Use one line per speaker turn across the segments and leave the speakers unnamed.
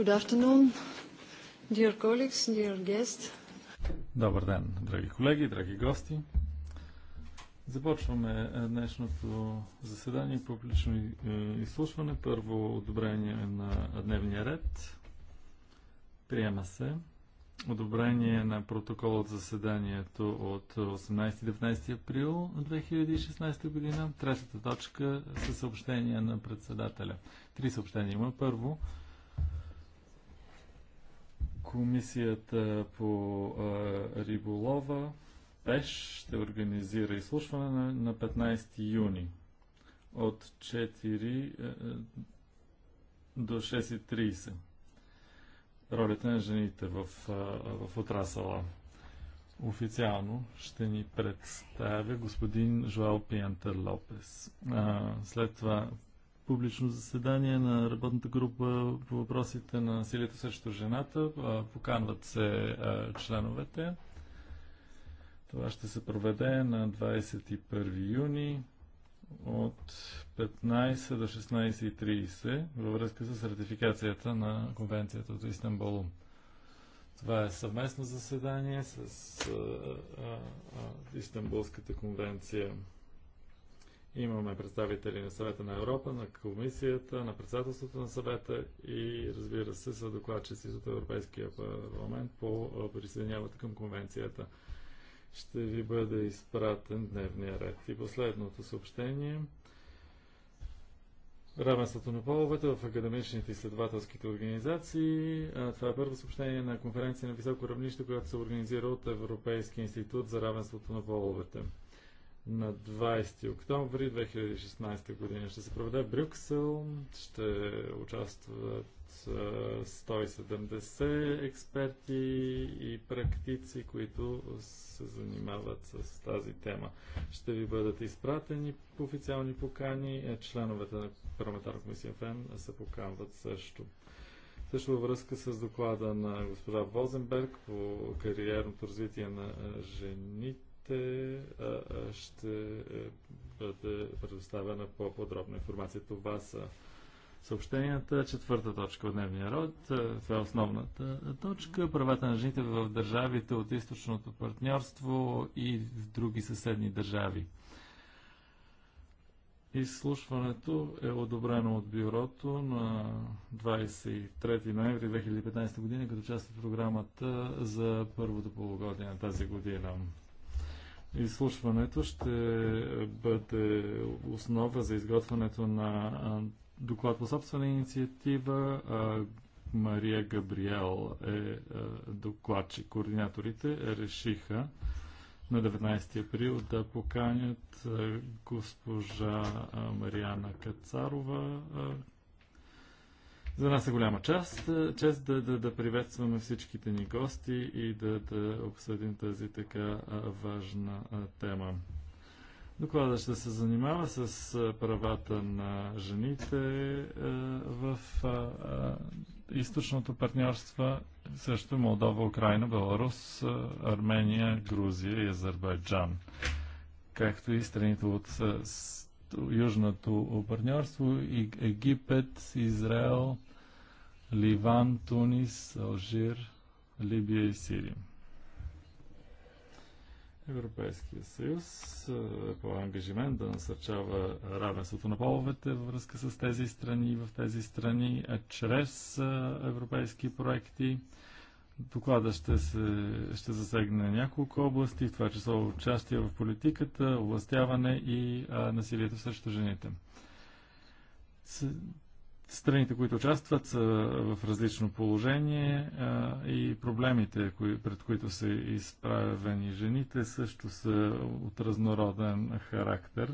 Good afternoon, dear colleagues, dear guests.
Добър ден, драги колеги, драги гости. Започваме е, днешното заседание, по публично е, изслушване. Първо одобрение на дневния ред. Приема се. Одобрение на протокол от заседанието от 18-19 април 2016 година. Третата точка са съобщения на председателя. Три съобщения има. Първо, Комисията по риболова ПЕШ ще организира изслушване на, на 15 юни от 4 е, е, до 6.30. Ролите на жените в, в отрасъла официално ще ни представя господин Жоал Пиентър Лопес. А, след това публично заседание на работната група по въпросите на насилието срещу жената. Поканват се членовете. Това ще се проведе на 21 юни от 15 до 16.30 във връзка с ратификацията на конвенцията от Истанбул. Това е съвместно заседание с Истанбулската конвенция. Имаме представители на съвета на Европа, на комисията, на председателството на съвета и разбира се са докладчици от Европейския парламент по присъединяването към конвенцията. Ще ви бъде изпратен дневния ред. И последното съобщение. Равенството на половете в академичните изследователските организации. Това е първо съобщение на конференция на високо равнище, която се организира от Европейския институт за равенството на половете на 20 октомври 2016 година. Ще се проведе Брюксел, ще участват 170 експерти и практици, които се занимават с тази тема. Ще ви бъдат изпратени по официални покани. Е, членовете на парламентарна комисия ФЕМ се поканват също. Също във връзка с доклада на госпожа Возенберг по кариерното развитие на жените, те ще е, бъде предоставена по-подробна информация. Това са съобщенията. Четвърта точка от дневния род. Е, това е основната точка. Правата на жените в държавите от източното партньорство и в други съседни държави. Изслушването е одобрено от бюрото на 23 ноември 2015 година като част от програмата за първото полугодие на тази година. Изслушването ще бъде основа за изготвянето на доклад по собствена инициатива. Мария Габриел е докладчик. Координаторите решиха на 19 април да поканят госпожа Мариана Кацарова за нас е голяма част, е, чест да, да, да приветстваме всичките ни гости и да, да обсъдим тази така важна тема. Доклада ще се занимава с правата на жените е, в източното партньорство, също Молдова, Украина, Беларус, Армения, Грузия и Азербайджан, както и страните от Южното партньорство, Египет, Израел, Ливан, Тунис, Алжир, Либия и Сирия. Европейския съюз е по ангажимент да насърчава равенството на половете във връзка с тези страни и в тези страни а чрез е, европейски проекти. Доклада ще, се, ще засегне няколко области, в това число участие в политиката, властяване и а, е, насилието срещу жените Страните, които участват, са в различно положение и проблемите, пред които са изправени жените, също са от разнороден характер.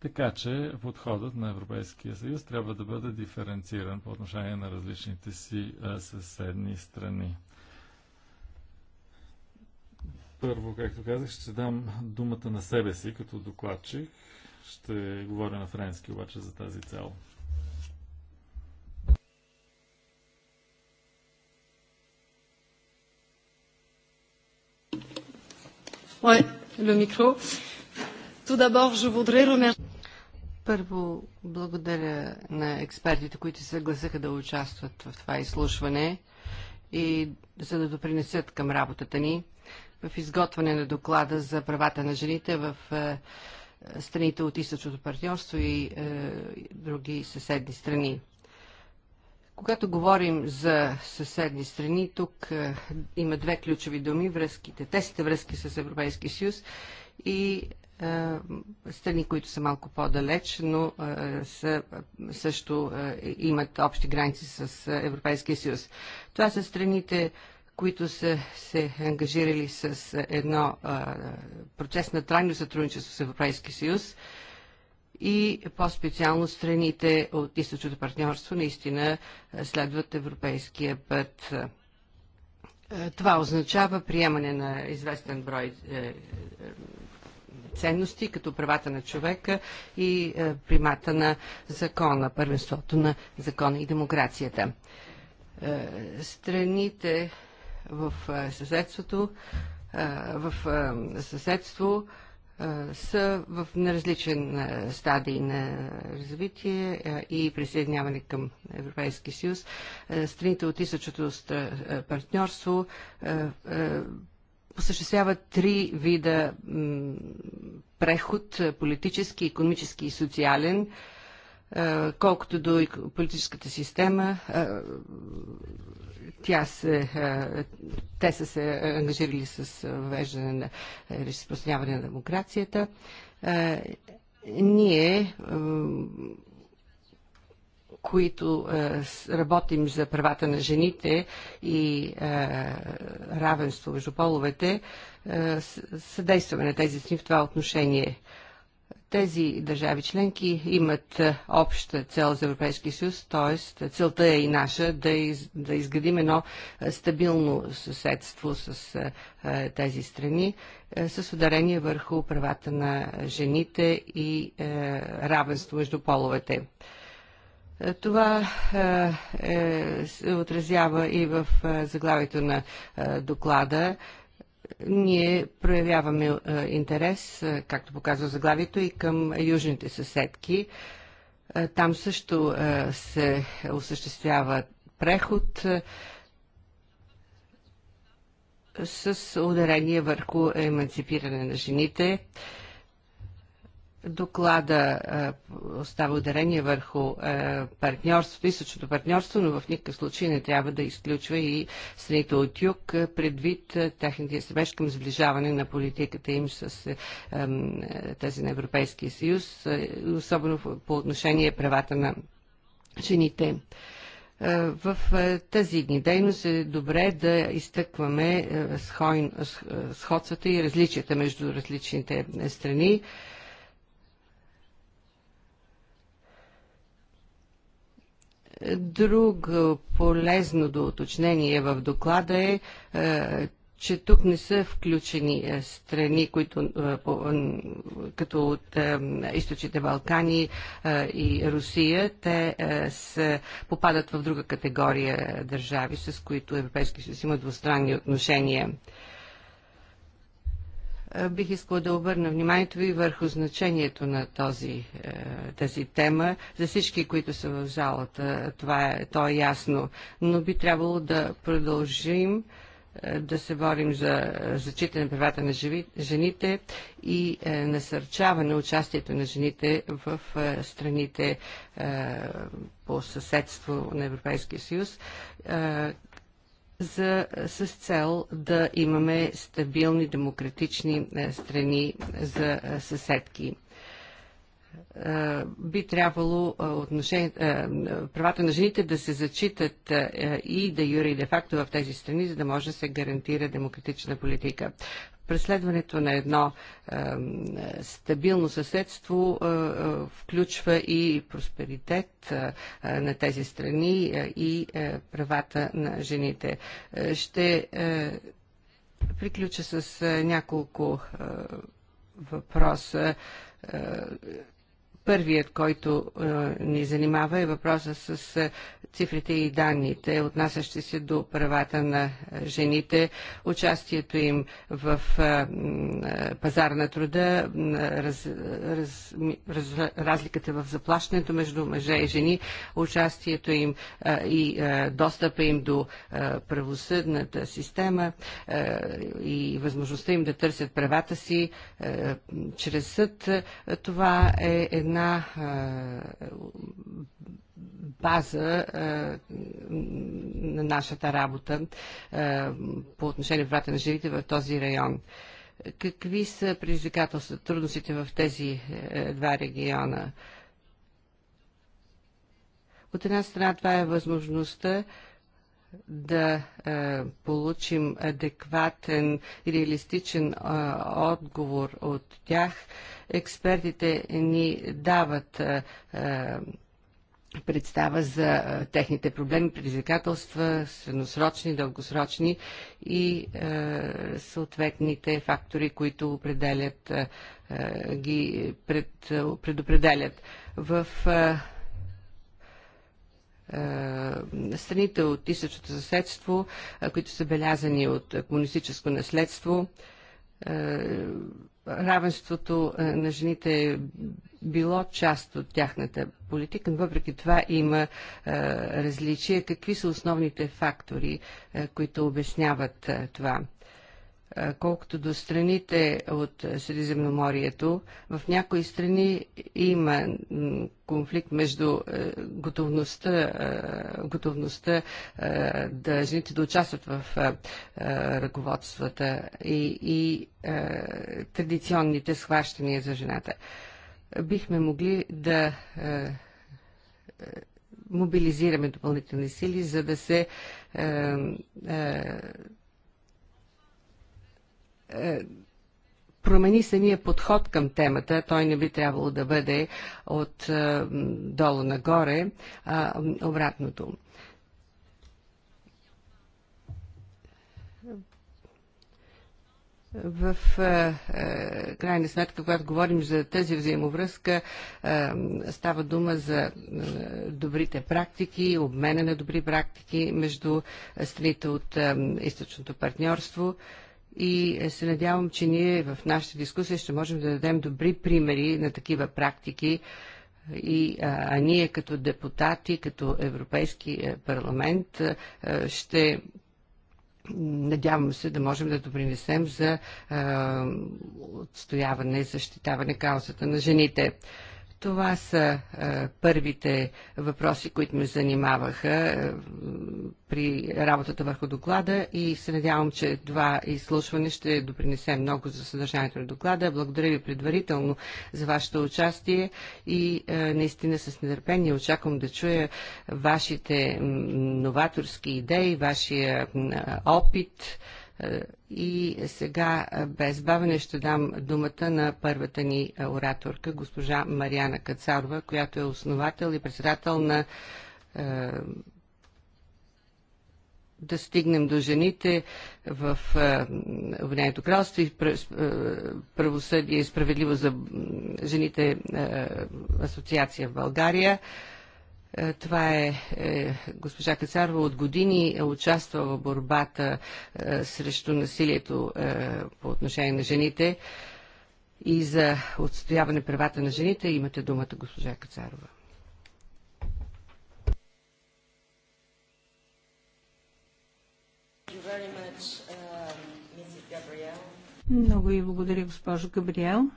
Така че подходът на Европейския съюз трябва да бъде диференциран по отношение на различните си съседни страни. Първо, както казах, ще дам думата на себе си като докладчик. Ще говоря на френски обаче за тази цел.
le micro. Tout d'abord, je voudrais remercier. Първо, благодаря на експертите, които се съгласиха да участват в това изслушване и за да допринесат към работата ни в изготвяне на доклада за правата на жените в е, страните от източното партньорство и е, други съседни страни. Когато говорим за съседни страни, тук е, има две ключови думи връзките, тесните връзки с Европейския съюз и е, страни, които са малко по-далеч, но е, са, е, също е, имат общи граници с е, Европейския съюз. Това са страните, които са се ангажирали с едно процес на трайно сътрудничество с Европейския съюз и по-специално страните от източното партньорство наистина следват европейския път. Това означава приемане на известен брой е, е, ценности, като правата на човека и е, примата на закона, първенството на закона и демокрацията. Страните в съседството в съседство са в неразличен стадий на развитие и присъединяване към Европейски съюз. Страните от източното партньорство осъществява три вида преход политически, економически и социален. Е, колкото до политическата система, е, тя се, е, те са се ангажирали с въвеждане на разпространяване на демокрацията. Ние които работим за правата на жените и равенство между половете, съдействаме на тези сни в това отношение. Тези държави членки имат е, обща цел за Европейския съюз, т.е. целта е и наша да, из, да изградим едно е, стабилно съседство с а, е, тези страни, а, с ударение върху правата на жените и а, равенство между половете. Това е, се отразява и в заглавието на е, доклада ние проявяваме е, интерес, е, както показва заглавието, и към южните съседки. Е, там също се осъществява преход с ударение върху емансипиране на жените. Доклада е, остава ударение върху е, партньорството, източното партньорство, но в никакъв случай не трябва да изключва и страните от юг, е, предвид техните стремеж към сближаване на политиката им с тази на Европейския съюз, особено по отношение правата на жените. В тази дни дейност е добре да изтъкваме сходствата и различията между различните страни. Друго полезно до уточнение в доклада е, е че тук не са включени е, страни, които е, като от източните Балкани и Русия, те са, попадат в друга категория държави, с които Европейски съюз има двустранни отношения. Е, бих искала да обърна вниманието ви върху значението на този, е, тази тема. За всички, които са в залата, това е, то е ясно. Но би трябвало да продължим е, да се борим за зачитане на правата на жените и насърчаване участието на жените в страните по съседство на Европейския съюз, за, с цел да имаме стабилни демократични е, страни за е, съседки е, би трябвало правата на жените да се зачитат и да юри, де факто в тези страни, за да може да се гарантира демократична политика преследването на едно е, стабилно съседство е, е, включва и просперитет на тези страни и правата на жените. Ще приключа с няколко въпроса Първият, който е, ни занимава е въпроса с е, цифрите и данните, отнасящи се до правата на жените, участието им в е, пазар на труда, раз, раз, раз, разликата в заплащането между мъже и жени, участието им е, и е, достъпа им до е, правосъдната система е, и възможността им да търсят правата си е, чрез съд. това е една една база на нашата работа по отношение правата на жените в този район. Какви са предизвикателства, трудностите в тези е, два региона? От една страна това е възможността да е, получим адекватен, реалистичен е, отговор от тях експертите ни дават е, е, представа за е, техните проблеми, предизвикателства, средносрочни, дългосрочни и съответните фактори, които определят, ги пред, предопределят. В страните от източното съседство, които са белязани от комунистическо наследство, равенството е, на жените е било част от тяхната политика, но въпреки това има е, различия. Какви са основните фактори, е, които обясняват това? Колкото до страните от Средиземноморието, в някои страни има конфликт между готовността, готовността да жените да участват в ръководствата и, и традиционните схващания за жената. Бихме могли да мобилизираме допълнителни сили, за да се е, е, е, промени самия подход към темата. Той не би трябвало да бъде от е, долу нагоре, а обратното. В е, е, крайна сметка, когато говорим за тази взаимовръзка, е, става дума за е, добрите практики, обмена на добри практики между страните от е, източното партньорство. Е, и е, се надявам, че ние в нашата дискусия ще можем да дадем добри примери на такива практики, и, а, а ние като депутати, като Европейски е, парламент е, ще надявам се да можем да допринесем за а, отстояване и защитаване каузата на жените. Това са а, е, първите въпроси, които ме занимаваха а, е, при работата върху доклада и се надявам, че това изслушване ще допринесе много за съдържанието на доклада. Благодаря ви предварително за вашето участие и а, е, наистина с нетърпение очаквам да чуя вашите новаторски идеи, вашия опит е, и сега е, без бавене ще дам думата на първата ни е, ораторка, госпожа Марияна Кацарова, която е основател и председател на да стигнем до жените в Обединеното кралство и правосъдие и справедливо за жените асоциация в България. Е, това е, е госпожа Кацарова от години е участвала в борбата е, срещу насилието е, по отношение на жените и за отстояване правата на жените. Имате думата, госпожа Кацарова. Uh,
Много ви благодаря, госпожо Габриел.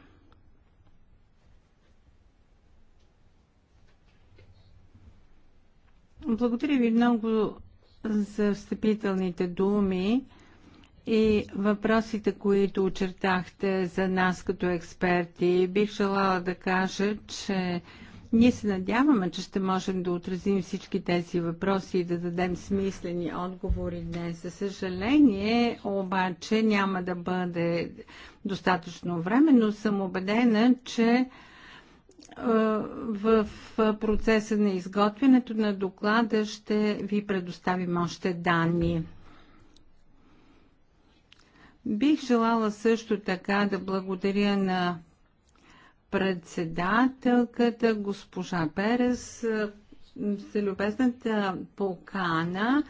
Благодаря ви много за встъпителните думи и въпросите, които очертахте за нас като експерти. Бих желала да кажа, че ние се надяваме, че ще можем да отразим всички тези въпроси и да дадем смислени отговори днес. За съжаление, обаче няма да бъде достатъчно време, но съм убедена, че в процеса на изготвянето на доклада ще ви предоставим още данни. Бих желала също така да благодаря на председателката госпожа Перес за любезната покана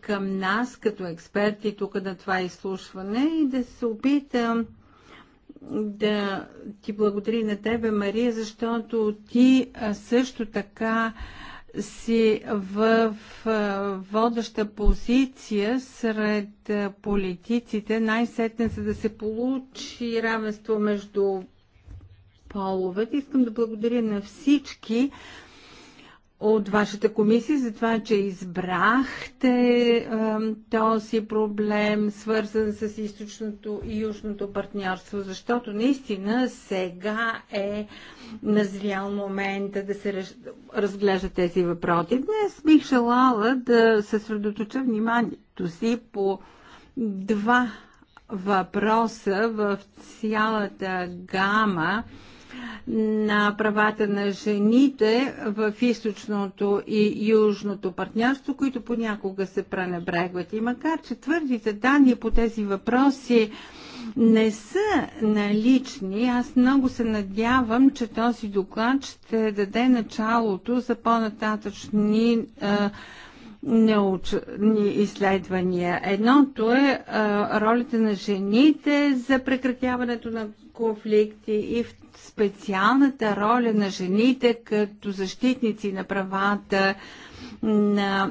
към нас като експерти тук на това изслушване и да се опитам да ти благодари на тебе, Мария, защото ти също така си в водеща позиция сред политиците, най-сетне за да се получи равенство между половете. Искам да благодаря на всички, от вашата комисия за това, че избрахте този проблем, свързан с източното и южното партньорство, защото наистина сега е назрял момента да се разглежда тези въпроси. Днес бих желала да съсредоточа вниманието си по два въпроса в цялата гама на правата на жените в източното и южното партньорство, които понякога се пренебрегват. И макар, че твърдите данни по тези въпроси не са налични. Аз много се надявам, че този доклад ще даде началото за по-нататъчни научни изследвания. Едното е, ролите на жените за прекратяването на конфликти и в специалната роля на жените като защитници на правата на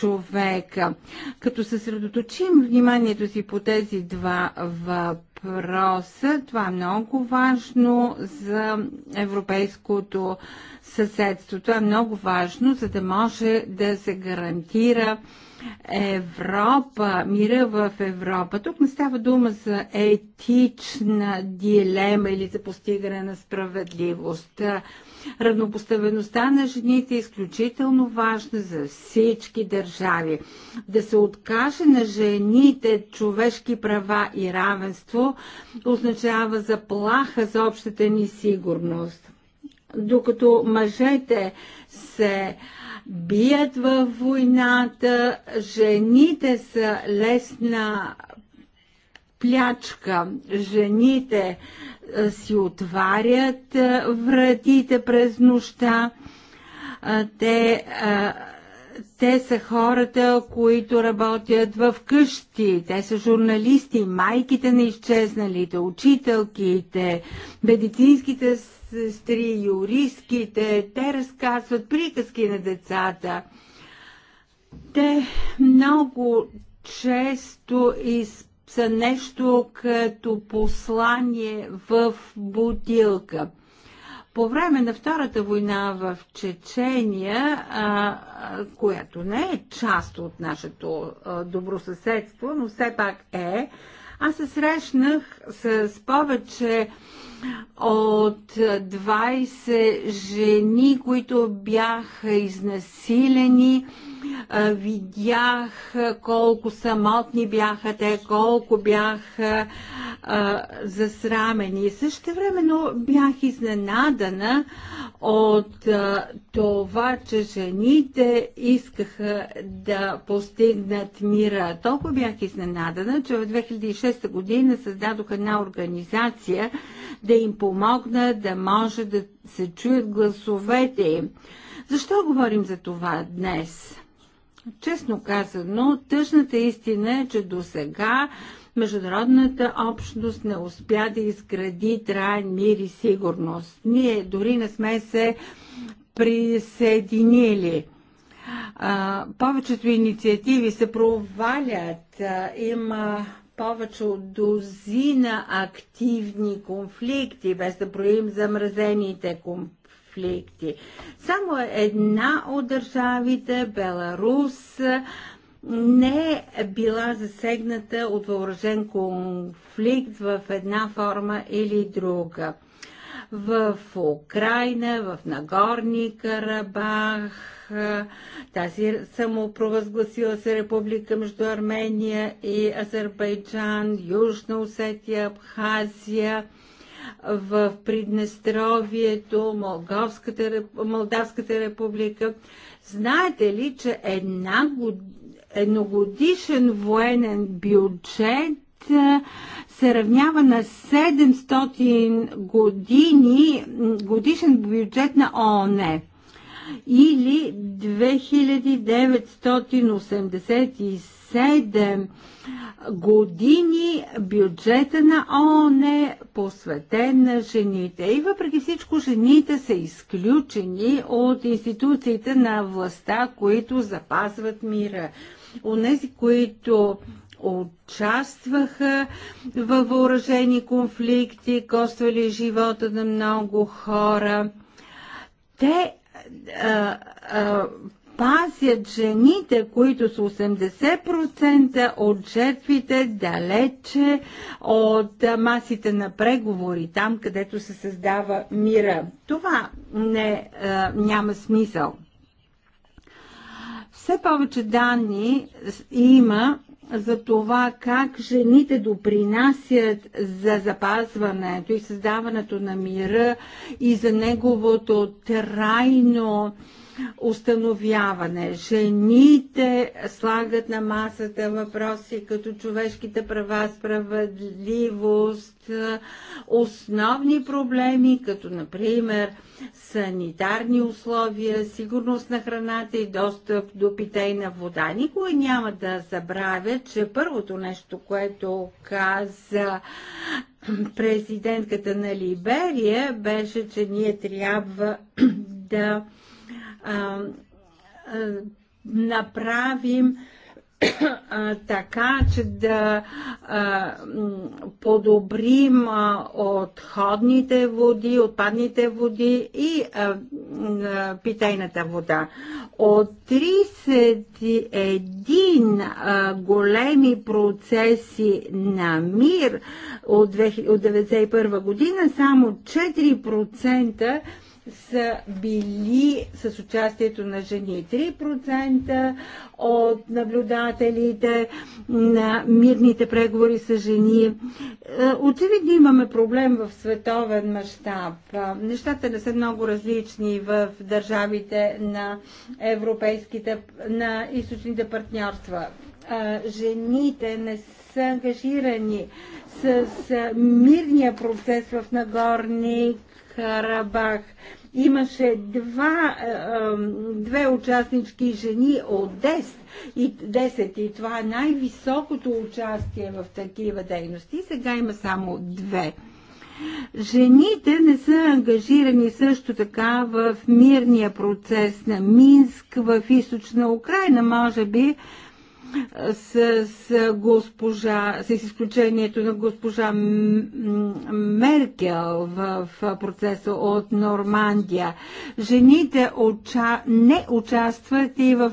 човека. Като съсредоточим вниманието си по тези два въпроса, това е много важно за европейското съседство. Това е много важно, за да може да се гарантира Европа, мира в Европа. Тук не става дума за етична дилема или за постигане на справедливост. Равнопоставеността на жените е изключително важна за всички държави. Да се откаже на жените човешки права и равенство означава заплаха за общата ни сигурност. Докато мъжете се бият във войната, жените са лесна плячка. Жените си отварят вратите през нощта. Те, те са хората, които работят в къщи. Те са журналисти, майките на изчезналите, учителките, медицинските сестри, юристките, те разказват приказки на децата. Те много често са нещо като послание в бутилка. По време на Втората война в Чечения, а, която не е част от нашето а, добросъседство, но все пак е, аз се срещнах с повече от 20 жени, които бяха изнасилени. Видях колко самотни бяха те, колко бяха а, засрамени. Също времено бях изненадана от а, това, че жените искаха да постигнат мира. Толкова бях изненадана, че в 2006 година създадох една организация, да им помогнат да може да се чуят гласовете им. Защо говорим за това днес? Честно казано, тъжната истина е, че до сега международната общност не успя да изгради траен мир и сигурност. Ние дори не сме се присъединили. А, повечето инициативи се провалят. А, има повече от дозина активни конфликти, без да броим замразените конфликти. Само една от държавите, Беларус, не е била засегната от въоръжен конфликт в една форма или друга. В Украина, в Нагорни Карабах, е, тази самопровъзгласила се република между Армения и Азербайджан, Южна Осетия, Абхазия, в Приднестровието, Молдавската, Молдавската република. Знаете ли, че една едногодишен военен бюджет е, се равнява на 700 години годишен бюджет на ООН или 2987 години бюджета на ООН е посветен на жените. И въпреки всичко, жените са изключени от институциите на властта, които запазват мира. Онези, които участваха във въоръжени конфликти, коствали живота на много хора. Те е, е, пазят жените, които са 80% от жертвите, далече от масите на преговори, там където се създава мира. Това не, а, е, няма смисъл. Все повече данни има за това как жените допринасят за запазването и създаването на мира и за неговото трайно установяване. Жените слагат на масата въпроси като човешките права, справедливост, основни проблеми, като например санитарни условия, сигурност на храната и достъп до питейна вода. Никой няма да забравя, че първото нещо, което каза президентката на Либерия, беше, че ние трябва да а, а, направим така, че да а, подобрим а, отходните води, отпадните води и а, питейната вода. От 31 големи процеси на мир от 1991 година само 4% са били с участието на жени. 3% от наблюдателите на мирните преговори са жени. Е, очевидно имаме проблем в световен мащаб. Е, нещата не са много различни в държавите на европейските, на източните партньорства. Е, жените не са ангажирани с мирния процес в Нагорни Карабах. Имаше два, е, е, две участнички жени от 10 и, 10 и това е най-високото участие в такива дейности. Сега има само две. Жените не са ангажирани също така в мирния процес на Минск, в източна Украина, може би, с, с госпожа, с изключението на госпожа Меркел в, в процеса от Нормандия. Жените уча, не участват и в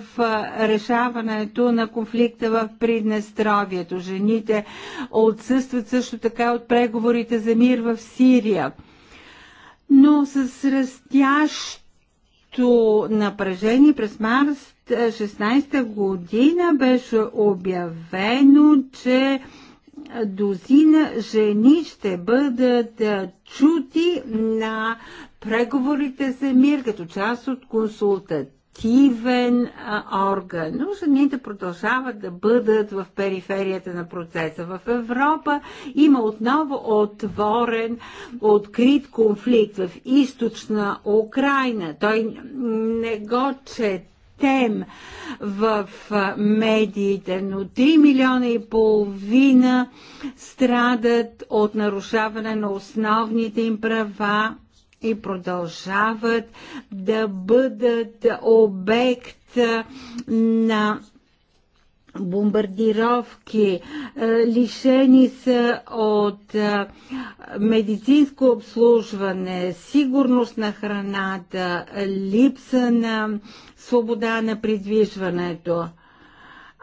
решаването на конфликта в Приднестровието. Жените отсъстват също така от преговорите за мир в Сирия. Но с растящо напрежение през Марс 2016 година беше обявено, че дозина жени ще бъдат чути на преговорите за мир като част от консултативен орган. Но жените продължават да бъдат в периферията на процеса. В Европа има отново отворен, открит конфликт в източна Украина. Той не го чете тем в медиите, но 3 милиона и половина страдат от нарушаване на основните им права и продължават да бъдат обект на бомбардировки, е, лишени са от е, медицинско обслужване, сигурност на храната, липса на свобода на придвижването –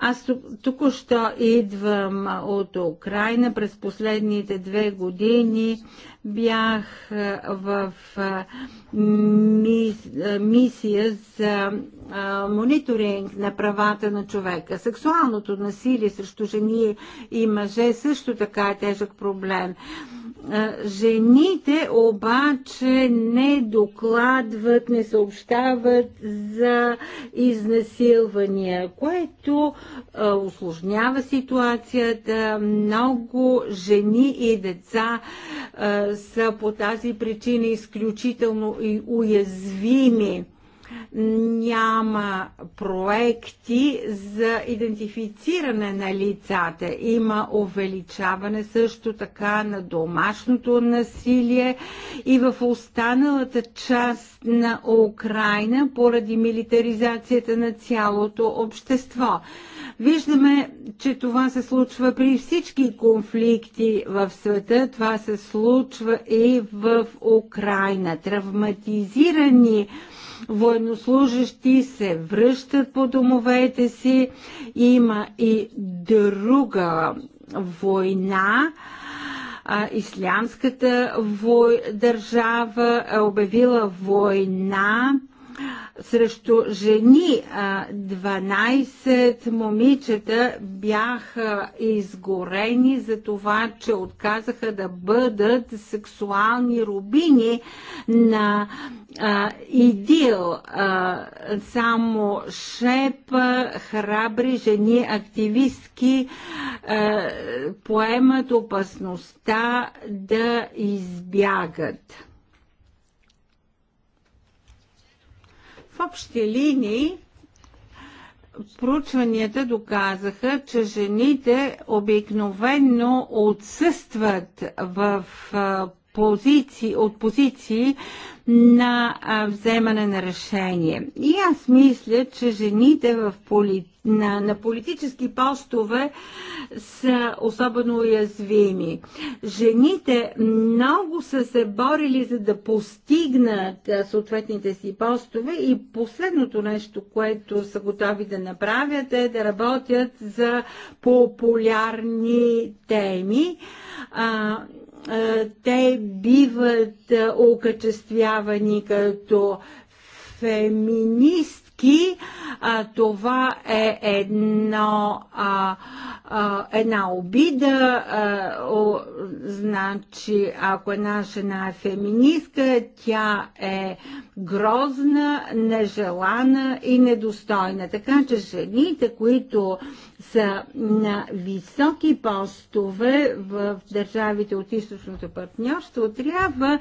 аз току-що идвам от Украина. През последните две години бях в мисия за мониторинг на правата на човека. Сексуалното насилие срещу жени и мъже също така е тежък проблем. Жените обаче не докладват, не съобщават за изнасилвания, което а, усложнява ситуацията. Много жени и деца а, са по тази причина изключително уязвими няма проекти за идентифициране на лицата. Има увеличаване също така на домашното насилие и в останалата част на Украина поради милитаризацията на цялото общество. Виждаме, че това се случва при всички конфликти в света. Това се случва и в Украина. Травматизирани военнослужащи се връщат по домовете си. Има и друга война. А, ислямската вой... държава е обявила война срещу жени. 12 момичета бяха изгорени за това, че отказаха да бъдат сексуални рубини на а, идил. А, само шеп, храбри жени, активистки а, поемат опасността да избягат. В общи линии проучванията доказаха, че жените обикновенно отсъстват в позиции, от позиции на вземане на решение. И аз мисля, че жените в полит на, на политически постове са особено уязвими. Жените много са се борили за да постигнат съответните си постове и последното нещо, което са готови да направят е да работят за популярни теми. А, те биват окачествявани като феминист членки. А, това е едно, а, а, една обида. А, о, значи, ако една жена е феминистка, тя е грозна, нежелана и недостойна. Така че жените, които са на високи постове в държавите от източното партньорство, трябва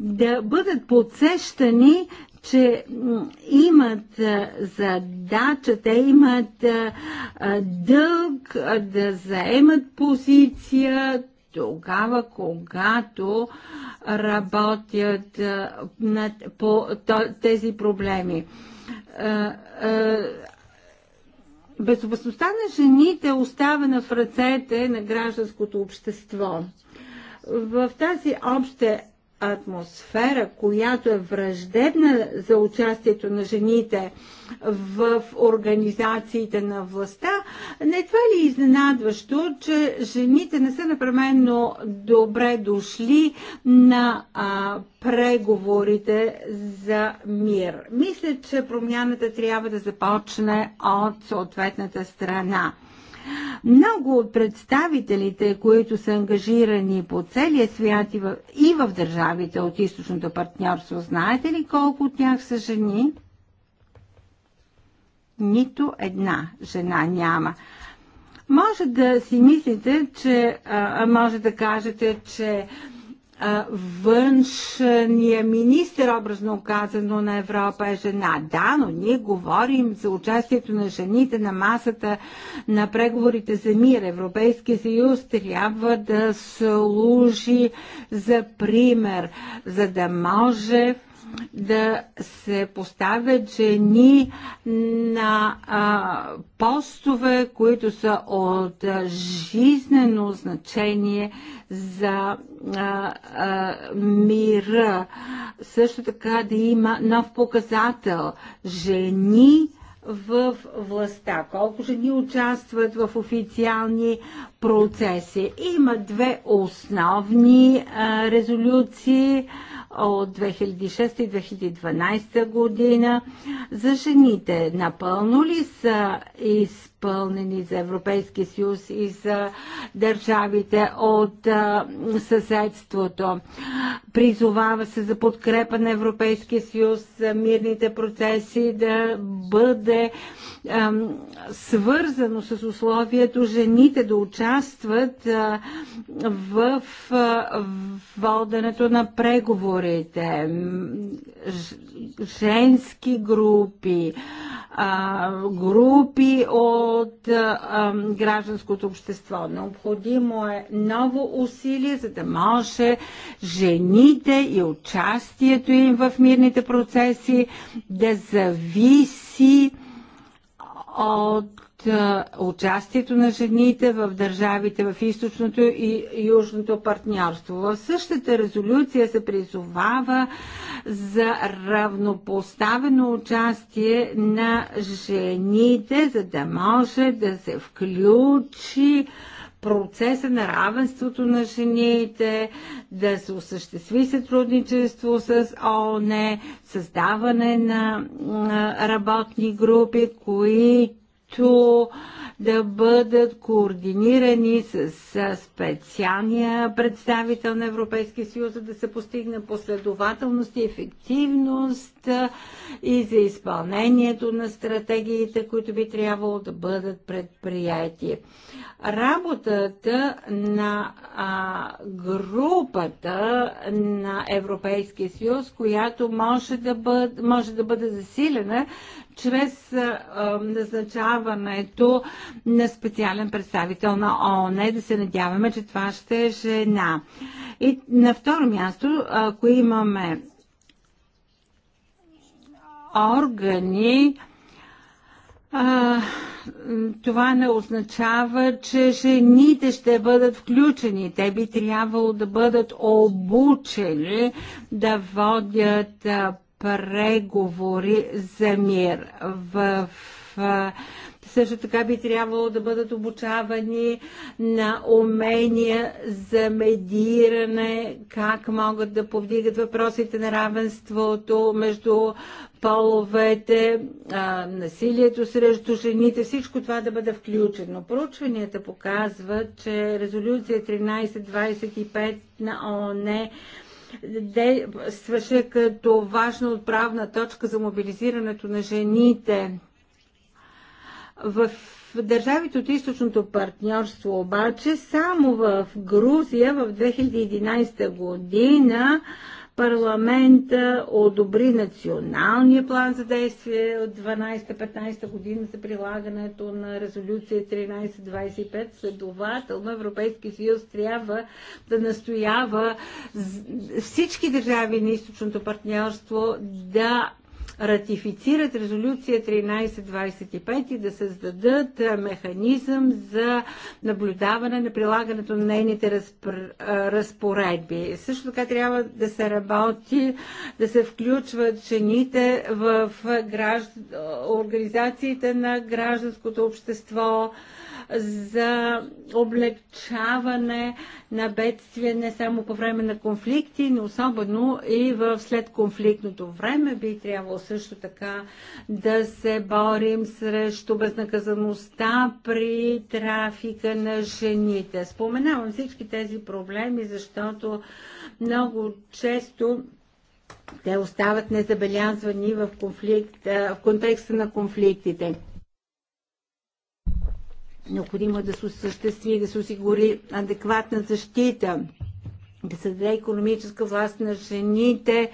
да бъдат подсещани, че имат задача, те имат дълг да заемат позиция тогава, когато работят по тези проблеми безопасността на жените остава на в ръцете на гражданското общество. В тази обща атмосфера, която е враждебна за участието на жените в организациите на властта, не това ли е изненадващо, че жените не са непременно добре дошли на а, преговорите за мир? Мисля, че промяната трябва да започне от съответната страна. Много от представителите, които са ангажирани по целия свят и в, и в държавите от източното партньорство, знаете ли колко от тях са жени? Нито една жена няма. Може да си мислите, че а, може да кажете, че а, външния министр, образно казано, на Европа е жена. Да, но ние говорим за участието на жените на масата на преговорите за мир. Европейския съюз трябва да служи за пример, за да може да се поставят жени на а, постове, които са от жизнено значение за а, а, мира. Също така да има нов показател. Жени в властта, колко жени участват в официални процеси. Има две основни а, резолюции. А, от 2006 2012 година. За жените напълно ли са изпълнени изпълнени за Европейски съюз и за държавите от съседството. Призовава се за подкрепа на Европейския съюз за мирните процеси да бъде свързано с условието жените да участват в, в воденето на преговорите, женски групи, а, групи от а, а, гражданското общество. Необходимо е ново усилие, за да може жените и участието им в мирните процеси да зависи от участието на жените в държавите в източното и южното партньорство. В същата резолюция се призовава за равнопоставено участие на жените, за да може да се включи процеса на равенството на жените, да се осъществи сътрудничество с ООН, създаване на работни групи, които които да бъдат координирани с, с специалния представител на Европейския съюз, за да се постигне последователност и ефективност и за изпълнението на стратегиите, които би трябвало да бъдат предприяти. Работата на а, групата на Европейския съюз, която може да, бъд, може да бъде засилена чрез назначаването на специален представител на ООН. Да се надяваме, че това ще е жена. И на второ място, ако имаме органи, а, това не означава, че жените ще бъдат включени. Те би трябвало да бъдат обучени да водят преговори за мир. В, в също така би трябвало да бъдат обучавани на умения за медиране, как могат да повдигат въпросите на равенството между половете, а, насилието срещу жените, всичко това да бъде включено. Проучванията показват, че резолюция 1325 на ООН е действаше като важна отправна точка за мобилизирането на жените. В държавите от източното партньорство обаче само в Грузия в 2011 година Парламента одобри националния план за действие от 12-15 година за прилагането на резолюция 1325. Следователно Европейския съюз трябва да настоява всички държави на източното партньорство да ратифицират резолюция 1325 и да създадат механизъм за наблюдаване на прилагането на нейните разпоредби. Също така трябва да се работи, да се включват жените в гражд... организациите на гражданското общество, за облегчаване на бедствия не само по време на конфликти, но особено и в след конфликтното време. Би трябвало също така да се борим срещу безнаказаността при трафика на жените. Споменавам всички тези проблеми, защото много често те остават незабелязвани в, конфликт, в контекста на конфликтите. Необходимо е да се осъществи, да се осигури адекватна защита, да се даде економическа власт на жените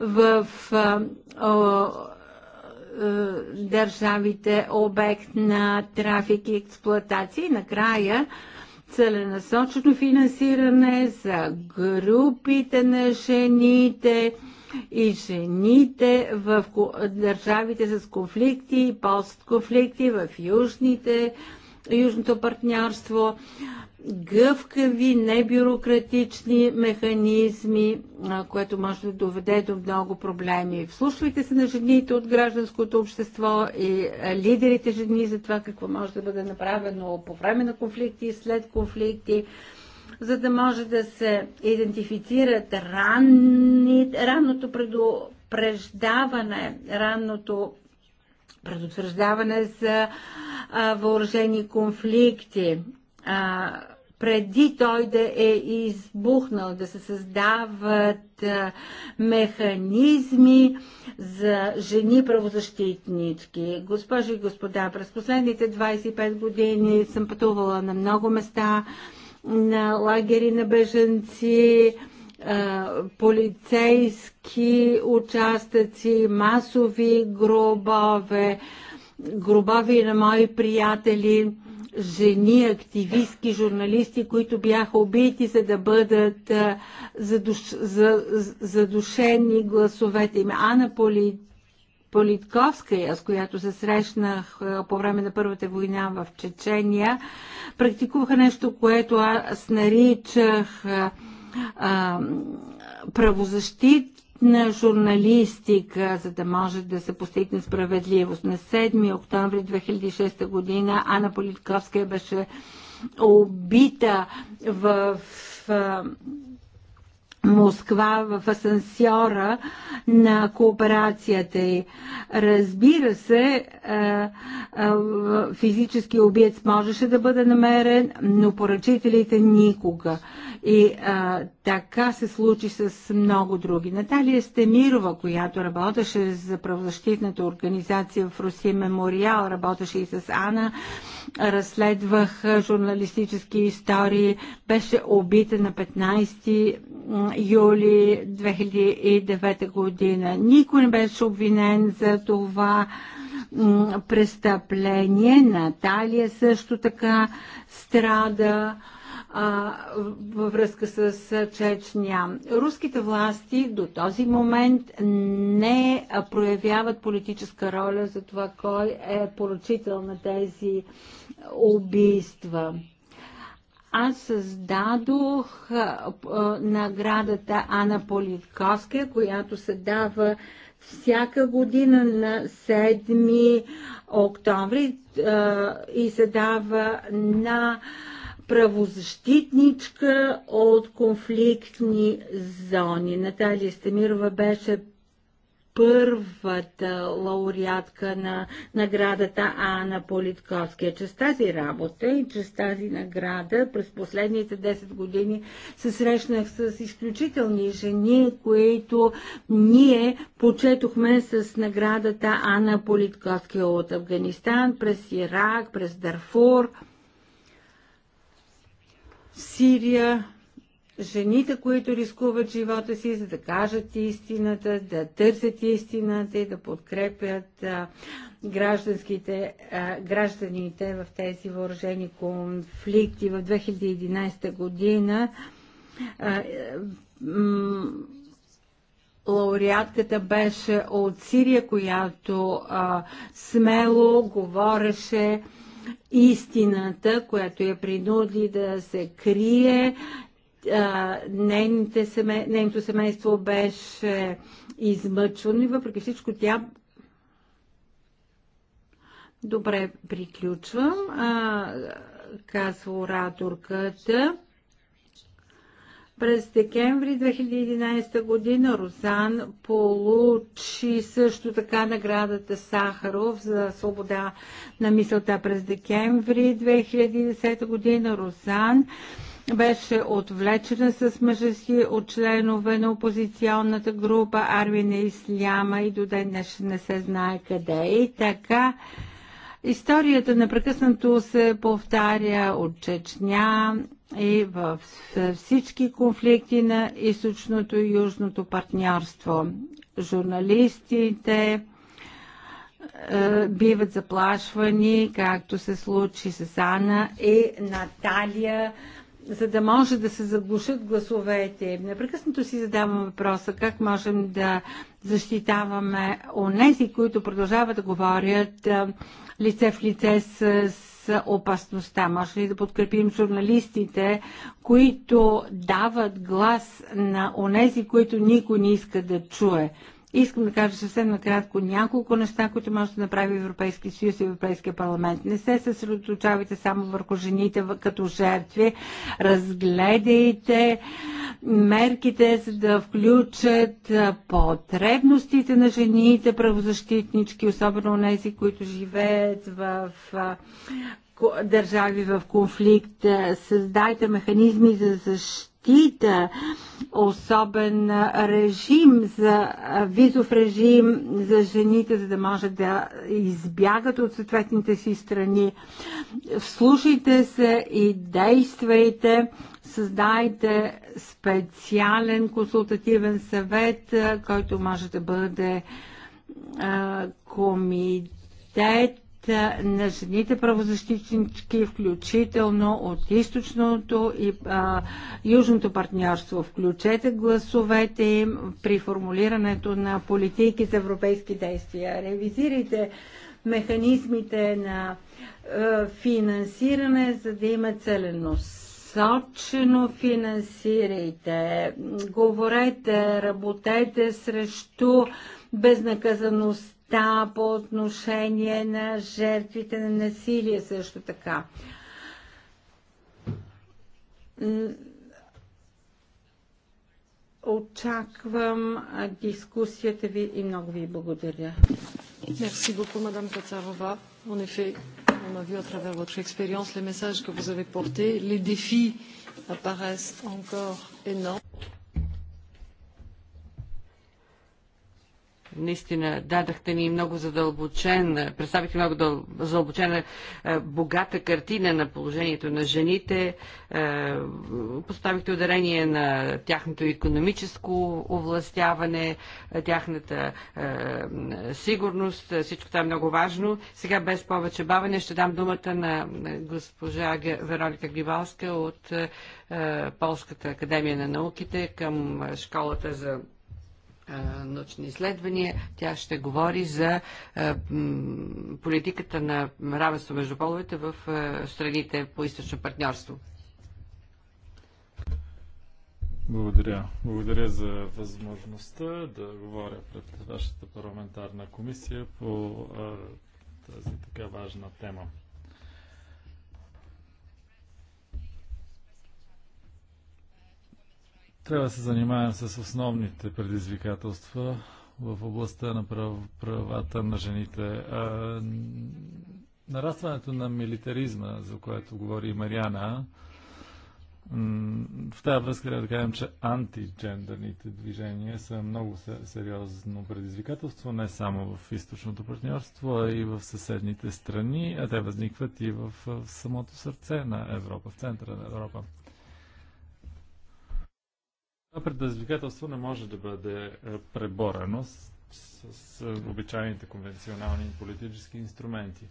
в а, а, а, държавите обект на трафик и експлоатация. И накрая целенасочено финансиране за групите на жените и жените в държавите с конфликти и постконфликти в южните Южното партньорство, гъвкави, небюрократични механизми, което може да доведе до много проблеми. Вслушвайте се на жените от гражданското общество и лидерите жени за това какво може да бъде направено по време на конфликти и след конфликти за да може да се идентифицират ранни, ранното предупреждаване, ранното предупреждаване за а, въоръжени конфликти. А, преди той да е избухнал, да се създават а, механизми за жени правозащитнички. Госпожи и господа, през последните 25 години съм пътувала на много места, на лагери на беженци, полицейски участъци, масови гробове, Гробави е на мои приятели, жени, активистки, журналисти, които бяха убити, за да бъдат задуш, задушени гласовете им. Ана Поли... Политковская, с е която се срещнах по време на Първата война в Чечения, практикуваха нещо, което аз наричах правозащит, на журналистика, за да може да се постигне справедливост. На 7 октомври 2006 година Ана Политковска беше убита в, в Москва в асансьора на кооперацията й. Разбира се, физически убиец можеше да бъде намерен, но поръчителите никога. И така се случи с много други. Наталия Стемирова, която работеше за правозащитната организация в Русия Мемориал, работеше и с Ана, разследвах журналистически истории, беше убита на 15 юли 2009 година. Никой не беше обвинен за това престъпление. Наталия също така страда а, във връзка с Чечня. Руските власти до този момент не проявяват политическа роля за това кой е поръчител на тези убийства. Аз създадох а, а, наградата Ана Политковска, която се дава всяка година на 7 октомври а, и се дава на а, правозащитничка от конфликтни зони. Наталия Стамирова беше първата лауреатка на наградата Ана Политковския. Чрез тази работа и чрез тази награда през последните 10 години се срещнах с изключителни жени, които ние почетохме с наградата Ана Политковския от Афганистан, през Ирак, през Дарфур – Сирия, жените, които рискуват живота си, за да кажат истината, да търсят истината и да подкрепят гражданските, гражданите в тези въоръжени конфликти. В 2011 година лауреатката беше от Сирия, която а, смело говореше истината, която я принуди да се крие. Нейните семей... Нейното семейство беше измъчвано и въпреки всичко тя добре приключвам, а, казва ораторката. През декември 2011 година Розан получи също така наградата Сахаров за свобода на мисълта. През декември 2010 година Розан беше отвлечена с мъжа си от членове на опозиционната група Армина Исляма и до ден днешен не се знае къде. И така Историята непрекъснато се повтаря от Чечня, и в всички конфликти на източното и южното партньорство. Журналистите е, биват заплашвани, както се случи с Ана и Наталия, за да може да се заглушат гласовете. Непрекъснато си задавам въпроса как можем да защитаваме онези, които продължават да говорят е, лице в лице с опасността? Може ли да подкрепим журналистите, които дават глас на онези, които никой не иска да чуе? Искам да кажа съвсем накратко няколко неща, които може да направи Европейския съюз и Европейския парламент. Не се съсредоточавайте само върху жените като жертви. Разгледайте мерките, за да включат потребностите на жените правозащитнички, особено тези, които живеят в държави в конфликт. Създайте механизми за защита защита, особен режим за визов режим за жените, за да може да избягат от съответните си страни. Вслушайте се и действайте създайте специален консултативен съвет, който може да бъде комитет на жените правозащитнички, включително от източното и а, южното партньорство. Включете гласовете им при формулирането на политики за европейски действия. Ревизирайте механизмите на а, финансиране, за да има целеност Сочено финансирайте, говорете, работете срещу безнаказаност та по отношение на жертвите на насилие също така. Очаквам дискусията ви и много ви благодаря. Merci beaucoup, Madame Katsarova. En effet, on
a vu à travers votre expérience les messages que vous avez portés. Les défis apparaissent encore énormes. Наистина дадахте ни много задълбочен, представихте много задълбочена, е, богата картина на положението на жените. Е, поставихте ударение на тяхното економическо овластяване, е, тяхната сигурност. Всичко това е много важно. Сега без повече бавене ще дам думата на госпожа Вероника Гибалска от Полската академия на науките към школата за научни изследвания. Тя ще говори за политиката на равенство между половете в страните по източно партньорство.
Благодаря. Благодаря за възможността да говоря пред вашата парламентарна комисия по тази така важна тема. Трябва да се занимаем с основните предизвикателства в областта на прав... правата на жените. А, нарастването на милитаризма, за което говори Мариана, в тази връзка трябва да кажем, че антиджендърните движения са много сериозно предизвикателство, не само в източното партньорство, а и в съседните страни, а те възникват и в самото сърце на Европа, в центъра на Европа. Това предизвикателство не може да бъде е, преборено с, с, с обичайните конвенционални политически инструменти.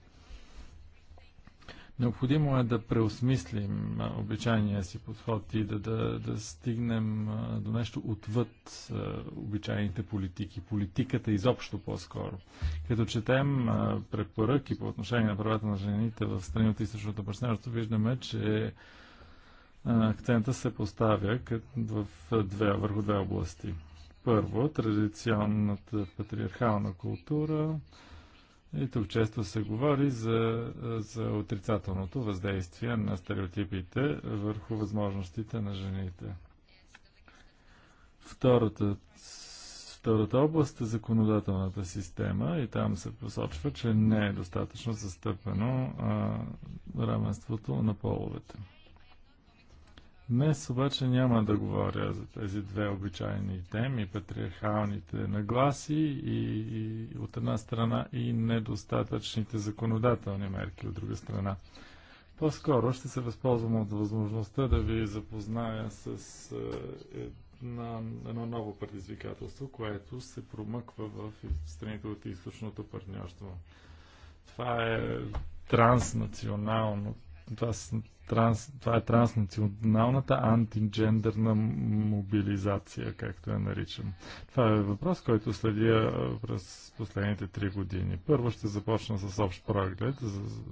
Необходимо е да преосмислим обичайния си подход и да, да, да стигнем до нещо отвъд обичайните политики, политиката изобщо по-скоро. Като четем препоръки по отношение на правата на жените в страни от източното партньорство, виждаме, че акцента се поставя в две, върху две области. Първо, традиционната патриархална култура. И тук често се говори за, за отрицателното въздействие на стереотипите върху възможностите на жените. Втората, втората област е законодателната система и там се посочва, че не е достатъчно застъпено а, равенството на половете. Днес обаче няма да говоря за тези две обичайни теми, патриархалните нагласи и, и от една страна и недостатъчните законодателни мерки от друга страна. По-скоро ще се възползвам от възможността да ви запозная с е, едно, едно ново предизвикателство, което се промъква в страните от източното партньорство. Това е транснационалното това, транс, това е транснационалната антиджендерна мобилизация, както я наричам. Това е въпрос, който следя през последните три години. Първо ще започна с общ проглед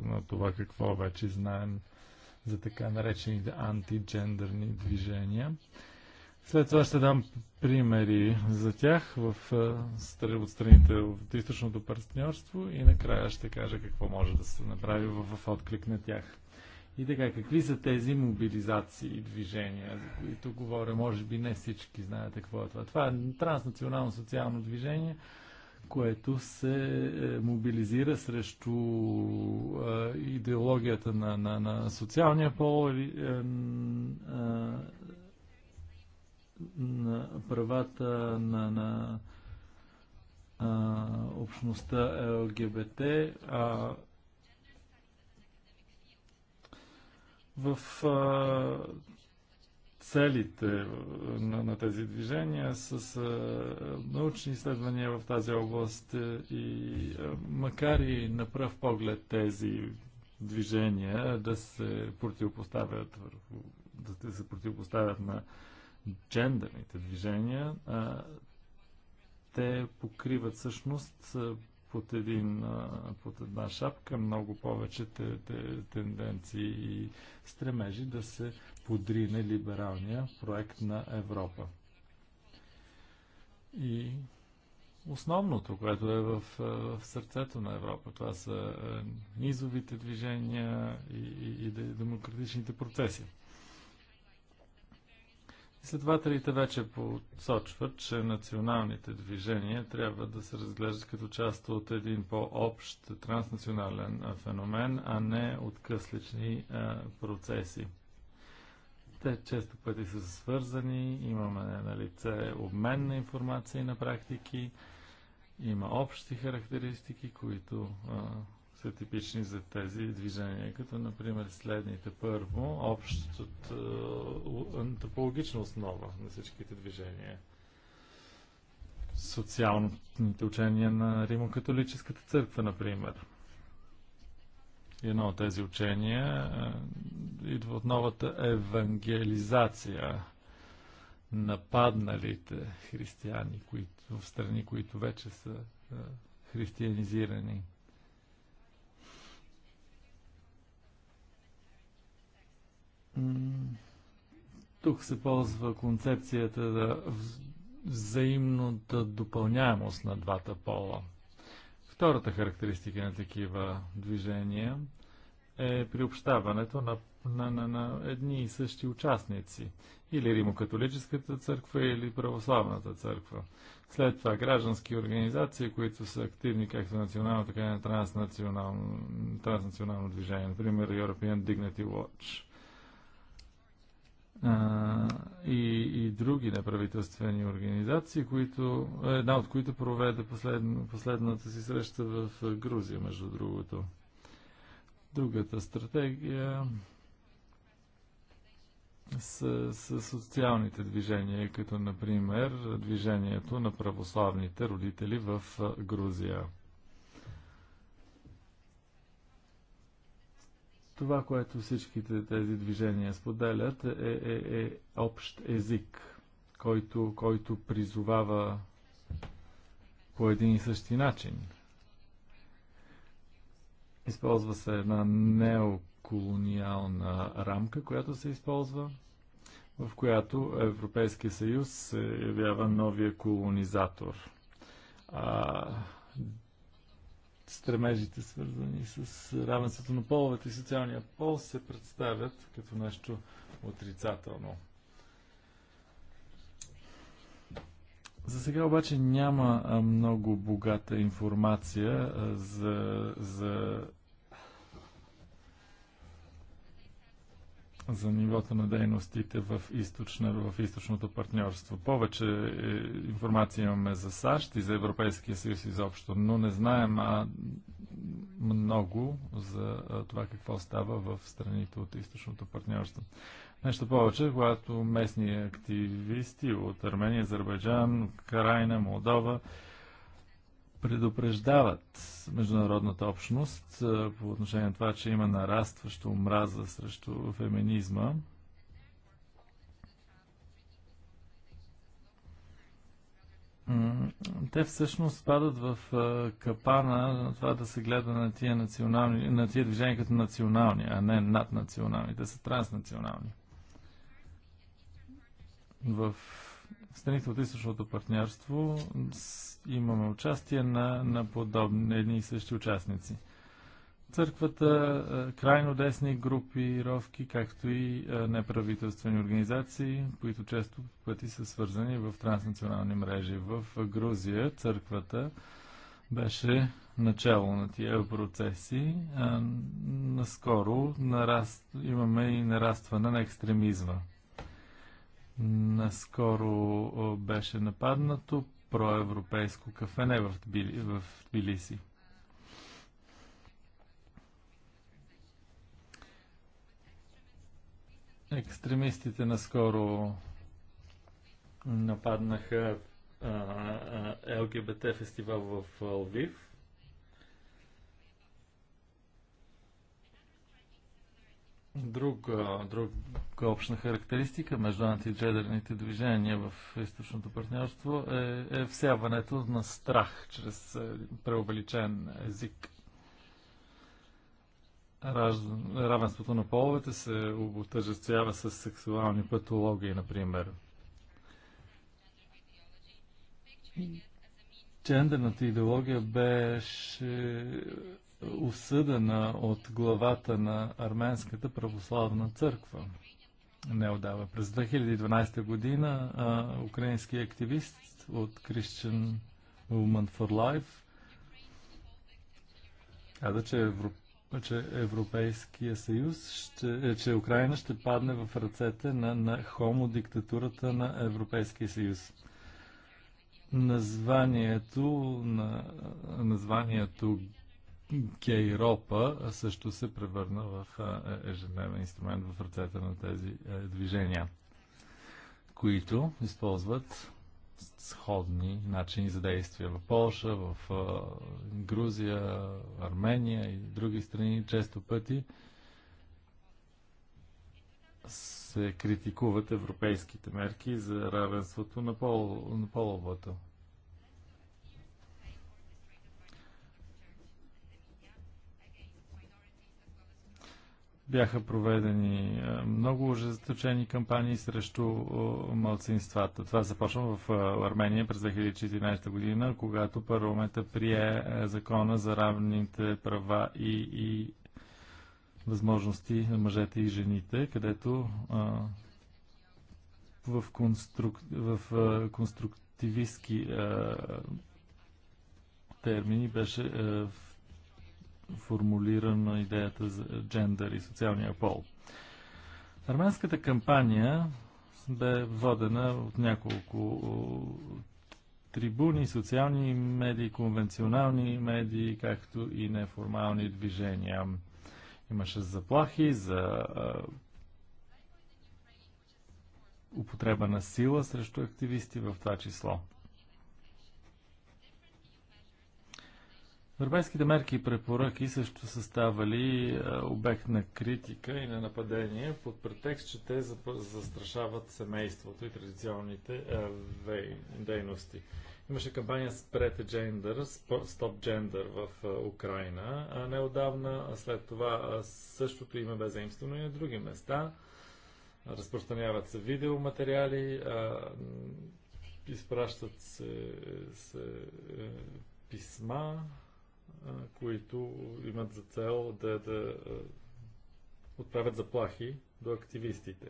на това какво вече знаем за така наречените антиджендерни движения. След това ще дам примери за тях в, от страните от източното партньорство и накрая ще кажа какво може да се направи в, в отклик на тях. И така, какви са тези мобилизации и движения, за които говоря? Може би не всички знаете какво е това. Това е транснационално социално движение, което се е, мобилизира срещу е, идеологията на, на, на социалния пол или е, на правата на, на общността ЛГБТ. А, В а, целите на, на тези движения с а, научни изследвания в тази област и а, макар и на пръв поглед тези движения да се противопоставят да се противопоставят на джендерните движения, а, те покриват всъщност под, един, под една шапка много повече те, те, тенденции и стремежи да се подрине либералния проект на Европа. И основното, което е в, в сърцето на Европа, това са низовите движения и, и, и демократичните процеси. Изследователите вече посочват, че националните движения трябва да се разглеждат като част от един по-общ транснационален феномен, а не от къслични процеси. Те често пъти са свързани, имаме на лице обмен на информация и на практики, има общи характеристики, които са типични за тези движения, като например следните. Първо, общото е, антропологична основа на всичките движения. Социалните учения на Римокатолическата църква, например. Едно от тези учения е, идва от новата евангелизация нападналите християни, които, в страни, които вече са е, християнизирани. Тук се ползва концепцията за взаимната допълняемост на двата пола. Втората характеристика на такива движения е приобщаването на, на, на, на едни и същи участници. Или Римокатолическата църква, или Православната църква. След това граждански организации, които са активни както национално, така и на транснационално, транснационално движение. Например, European Dignity Watch – и, и други неправителствени организации, които, една от които проведе послед, последната си среща в Грузия, между другото. Другата стратегия с, с социалните движения, като например движението на православните родители в Грузия. Това, което всичките тези движения споделят, е, е, е общ език, който, който призовава по един и същи начин. Използва се една неоколониална рамка, която се използва, в която Европейския съюз се явява новия колонизатор. А, стремежите, свързани с равенството на половете и социалния пол, се представят като нещо отрицателно. За сега обаче няма много богата информация за, за за нивото на дейностите в, източна, в източното партньорство. Повече е, информация имаме за САЩ и за Европейския съюз изобщо, но не знаем а, много за това какво става в страните от източното партньорство. Нещо повече, когато местни активисти от Армения, Азербайджан, Крайна, Молдова, предупреждават международната общност по отношение на това, че има нарастващо омраза срещу феминизма. Те всъщност падат в капана на това да се гледа на тия, национални, на тия движения като национални, а не наднационални. Те са транснационални. В страните от източното партньорство имаме участие на, на подобни едни и същи участници. Църквата, е, крайно десни групировки, както и е, неправителствени организации, които често пъти са свързани в транснационални мрежи. В Грузия църквата беше начало на тия процеси. Е, наскоро нараст... имаме и нарастване на екстремизма. Наскоро беше нападнато проевропейско кафене в, Тбили, в Тбилиси. Екстремистите наскоро нападнаха ЛГБТ фестивал в Лвив. Друга, друга обща характеристика между антиджедерните движения в източното партньорство е, е всяването на страх чрез е, преувеличен език. Равенството на половете се оботъжествява с сексуални патологии, например. Чендерната идеология беше осъдена от главата на Арменската православна църква. Не отдава. През 2012 година а, украински активист от Christian Woman for Life каза, че, Европ... че Европейския съюз, ще... Е, че Украина ще падне в ръцете на, на хомодиктатурата на Европейския съюз названието на названието Кейропа също се превърна в е, ежедневен инструмент в ръцете на тези е, движения, които използват сходни начини за действие в Польша, в Грузия, Армения и други страни често пъти се критикуват европейските мерки за равенството на, пол, на Бяха проведени много ожесточени кампании срещу малцинствата. Това започна в Армения през 2014 година, когато парламента прие закона за равните права и, и възможности на мъжете и жените, където а, в, конструк... в а, конструктивистки а, термини беше а, формулирана идеята за джендър и социалния пол. Арменската кампания бе водена от няколко трибуни, социални медии, конвенционални медии, както и неформални движения. Имаше заплахи за употреба на сила срещу активисти в това число. Норвежските мерки и препоръки също са ставали е, обект на критика и на нападение под претекст, че те застрашават семейството и традиционните е, дейности. Имаше кампания Спрете джендър, Stop Gender в е, Украина а неодавна, а след това същото има бе заимствено и на други места. Разпространяват се видеоматериали, изпращат се, се писма които имат за цел да, да отправят заплахи до активистите.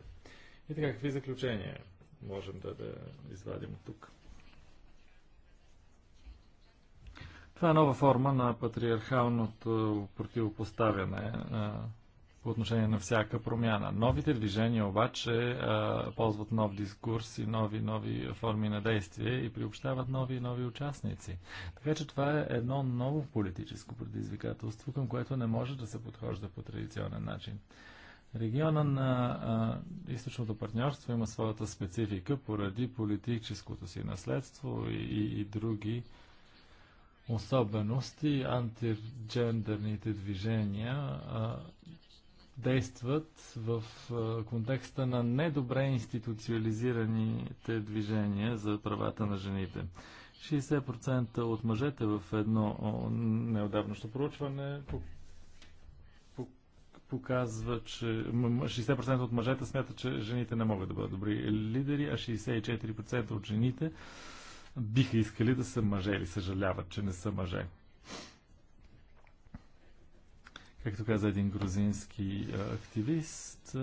И така, какви заключения можем да, да извадим от тук? Това е нова форма на патриархалното противопоставяне по отношение на всяка промяна. Новите движения обаче а, ползват нов дискурс и нови, нови форми на действие и приобщават нови и нови участници. Така че това е едно ново политическо предизвикателство, към което не може да се подхожда по традиционен начин. Региона на а, източното партньорство има своята специфика поради политическото си наследство и, и, и други особености, антиджендерните движения а, действат в контекста на недобре институциализираните движения за правата на жените. 60% от мъжете в едно неодавнощо проучване показва, че 60% от мъжете смятат, че жените не могат да бъдат добри лидери, а 64% от жените биха искали да са мъже или съжаляват, че не са мъже както каза един грузински активист,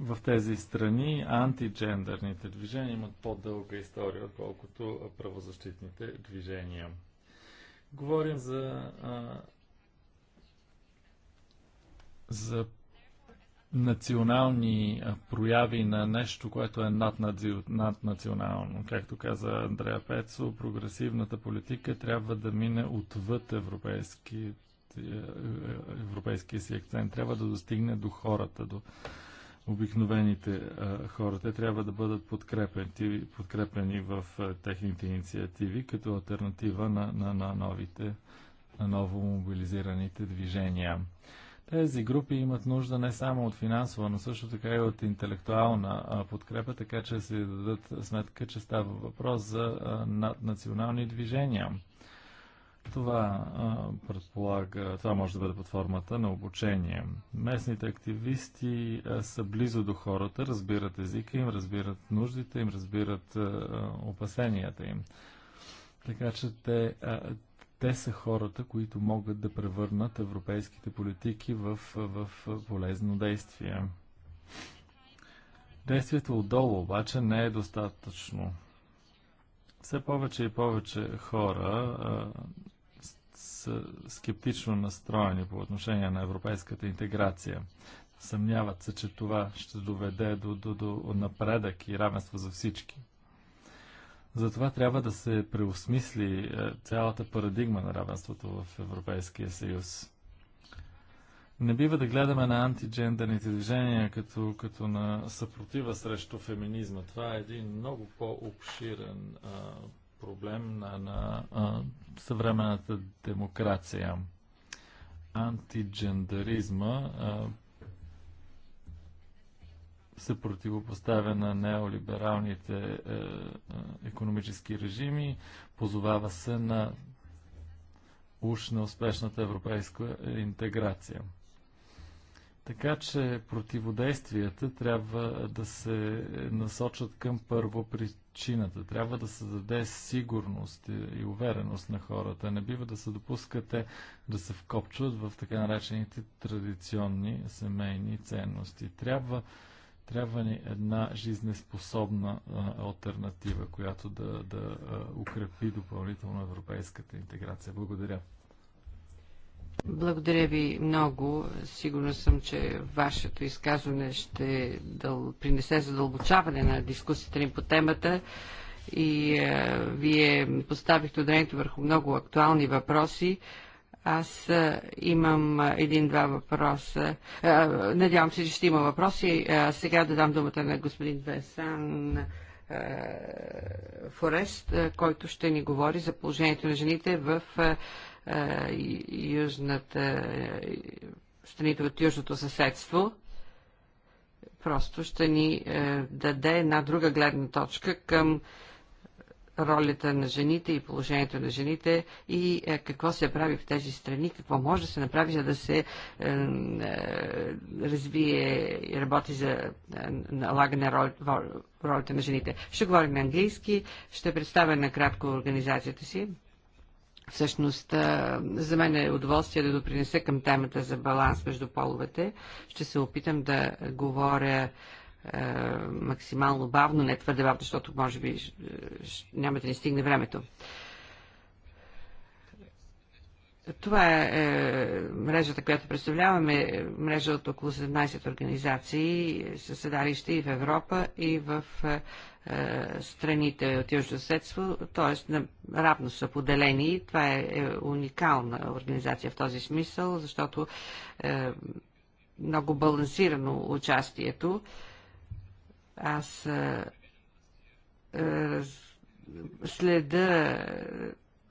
в тези страни антиджендърните движения имат по-дълга история, отколкото правозащитните движения. Говорим за, а, за национални прояви на нещо, което е наднационално. Както каза Андрея Пецо, прогресивната политика трябва да мине отвъд европейски, е, европейския си акцент. Трябва да достигне до хората, до обикновените хора. Те трябва да бъдат подкрепени, подкрепени в техните инициативи като альтернатива на, на, на новите, на ново мобилизираните движения. Тези групи имат нужда не само от финансова, но също така и от интелектуална подкрепа, така че се дадат сметка, че става въпрос за наднационални движения. Това предполага, това може да бъде под формата на обучение. Местните активисти са близо до хората, разбират езика им, разбират нуждите им, разбират опасенията им. Така че те, те са хората, които могат да превърнат европейските политики в, в полезно действие. Действието отдолу обаче не е достатъчно. Все повече и повече хора а, са скептично настроени по отношение на европейската интеграция. Съмняват се, че това ще доведе до, до, до напредък и равенство за всички. Затова трябва да се преосмисли е, цялата парадигма на равенството в Европейския съюз. Не бива да гледаме на антиджендерните движения като, като на съпротива срещу феминизма. Това е един много по-обширен проблем на, на а, съвременната демокрация. Антиджендеризма. а, се противопоставя на неолибералните е, е, економически режими, позовава се на уж на успешната европейска интеграция. Така че противодействията трябва да се насочат към първо причината. Трябва да се даде сигурност и увереност на хората. Не бива да се допускате да се вкопчват в така наречените традиционни семейни ценности. Трябва трябва ни една жизнеспособна альтернатива, която да, да а, укрепи допълнително европейската интеграция. Благодаря.
Благодаря ви много. Сигурна съм, че вашето изказване ще дъл... принесе задълбочаване на дискусията ни по темата и е, вие поставихте ударението върху много актуални въпроси. Аз имам един-два въпроса. Надявам се, че ще има въпроси. Сега да дам думата на господин Бесан Форест, който ще ни говори за положението на жените в южната, страните от южното съседство. Просто ще ни даде една друга гледна точка към ролята на жените и положението на жените и е, какво се прави в тези страни, какво може да се направи, за да се е, е, развие и работи за налагане на рол, ролята на жените. Ще говорим на английски, ще представя накратко организацията си. Всъщност, за мен е удоволствие да допринеса към темата за баланс между половете. Ще се опитам да говоря е, максимално бавно, не твърде бавно, защото може би е, няма да ни стигне времето. Това е, е мрежата, която представляваме, мрежа от около 17 организации със седалище и в Европа, и в е, страните от Южно съседство, т.е. равно са поделени. Това е, е уникална организация в този смисъл, защото е, много балансирано участието. Е, аз а, раз, следа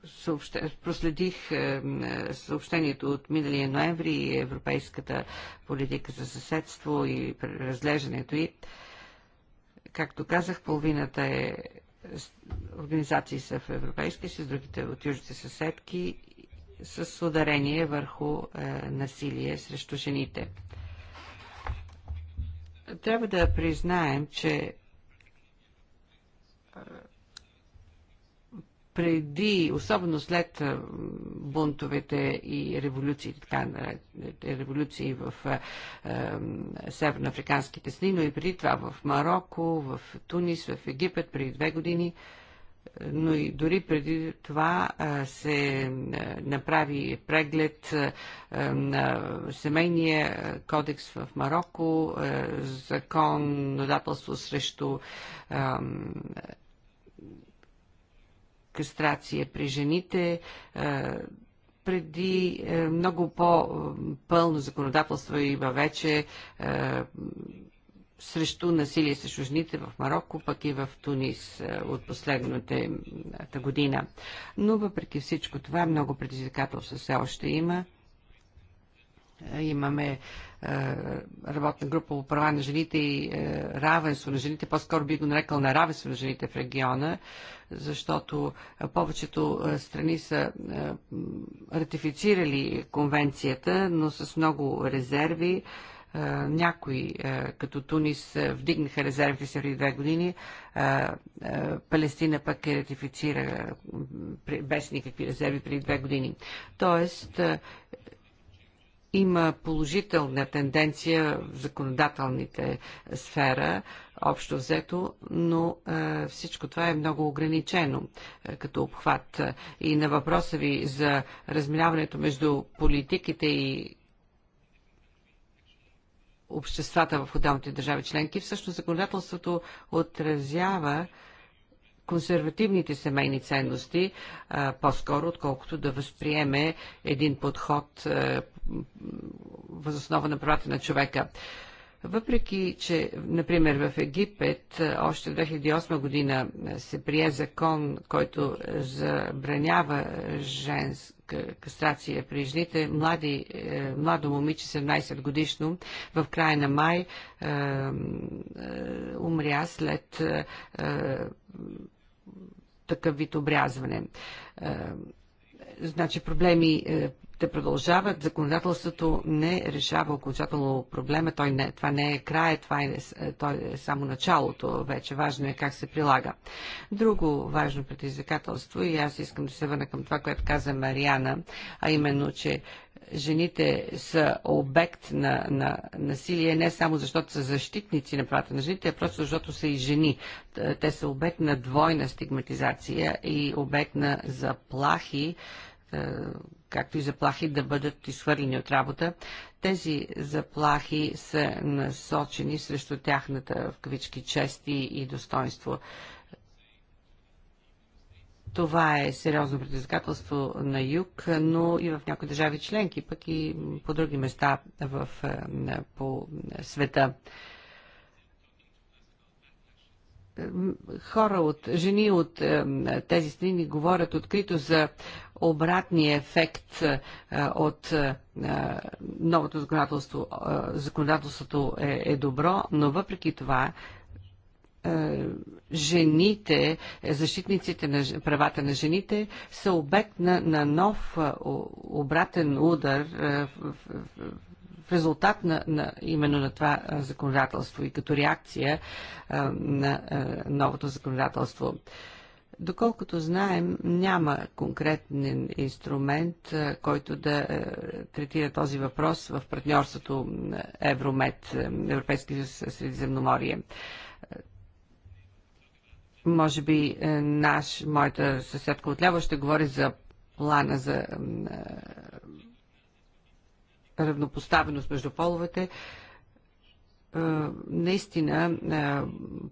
съобще, проследих а, съобщението от миналия ноември и европейската политика за съседство и разглеждането и както казах, половината е организации са в европейски, с другите от южните съседки с ударение върху е, насилие срещу жените. Трябва да признаем, че преди, особено след бунтовете и революции, така, революции в северноафриканските сни, но и преди това в Марокко, в Тунис, в Египет, преди две години, но и дори преди това се направи преглед на семейния кодекс в Марокко, законодателство срещу кастрация при жените, преди много по-пълно законодателство има вече срещу насилие срещу жените в Марокко, пък и в Тунис е, от последната година. Но въпреки всичко това, много предизвикателства все още има. Е, имаме е, работна група по права на жените и е, равенство на жените. По-скоро би го нарекал на равенство на жените в региона, защото е, повечето страни са е, ратифицирали конвенцията, но с много резерви. Е, някои, като Тунис, вдигнаха резервите си преди две години. Палестина пък е ратифицира без никакви резерви преди две години. Тоест, има положителна тенденция в законодателните сфера, общо взето, но е, всичко това е много ограничено е, като обхват. И на въпроса ви за разминаването между политиките и обществата в отделните държави членки. Всъщност законодателството отразява консервативните семейни ценности, по-скоро, отколкото да възприеме един подход възоснова на правата на човека. Въпреки, че, например, в Египет още в 2008 година се прие закон, който забранява женс кастрация при жените. Млади, е, младо момиче, 17 годишно, в края на май е, е, умря след такъв вид обрязване. Значи проблеми ще продължават. Законодателството не решава окончателно проблема. Той не, това не е края, това е, той е само началото. Вече важно е как се прилага. Друго важно предизвикателство, и аз искам да се върна към това, което каза Мариана, а именно, че жените са обект на, на насилие не само защото са защитници на правата на жените, а просто защото са и жени. Те са обект на двойна стигматизация и обект на заплахи, е, както и заплахи да бъдат изхвърлени от работа. Тези заплахи са насочени срещу тяхната в кавички чести и достоинство. Това е сериозно предизвикателство на юг, но и в някои държави членки, пък и по други места в, е, по света хора от жени от е, тези страни говорят открито за обратния ефект е, от е, новото законодателство. Законодателството е, е добро, но въпреки това жените, защитниците на правата на жените са обект на, на нов обратен удар в, в, в, резултат на, на именно на това законодателство и като реакция на новото законодателство. Доколкото знаем, няма конкретен инструмент, който да третира този въпрос в партньорството Евромед, Европейски съюз Средиземноморие. Може би наш, моята съседка отляво ще говори за плана за равнопоставеност между половете. Е, наистина е,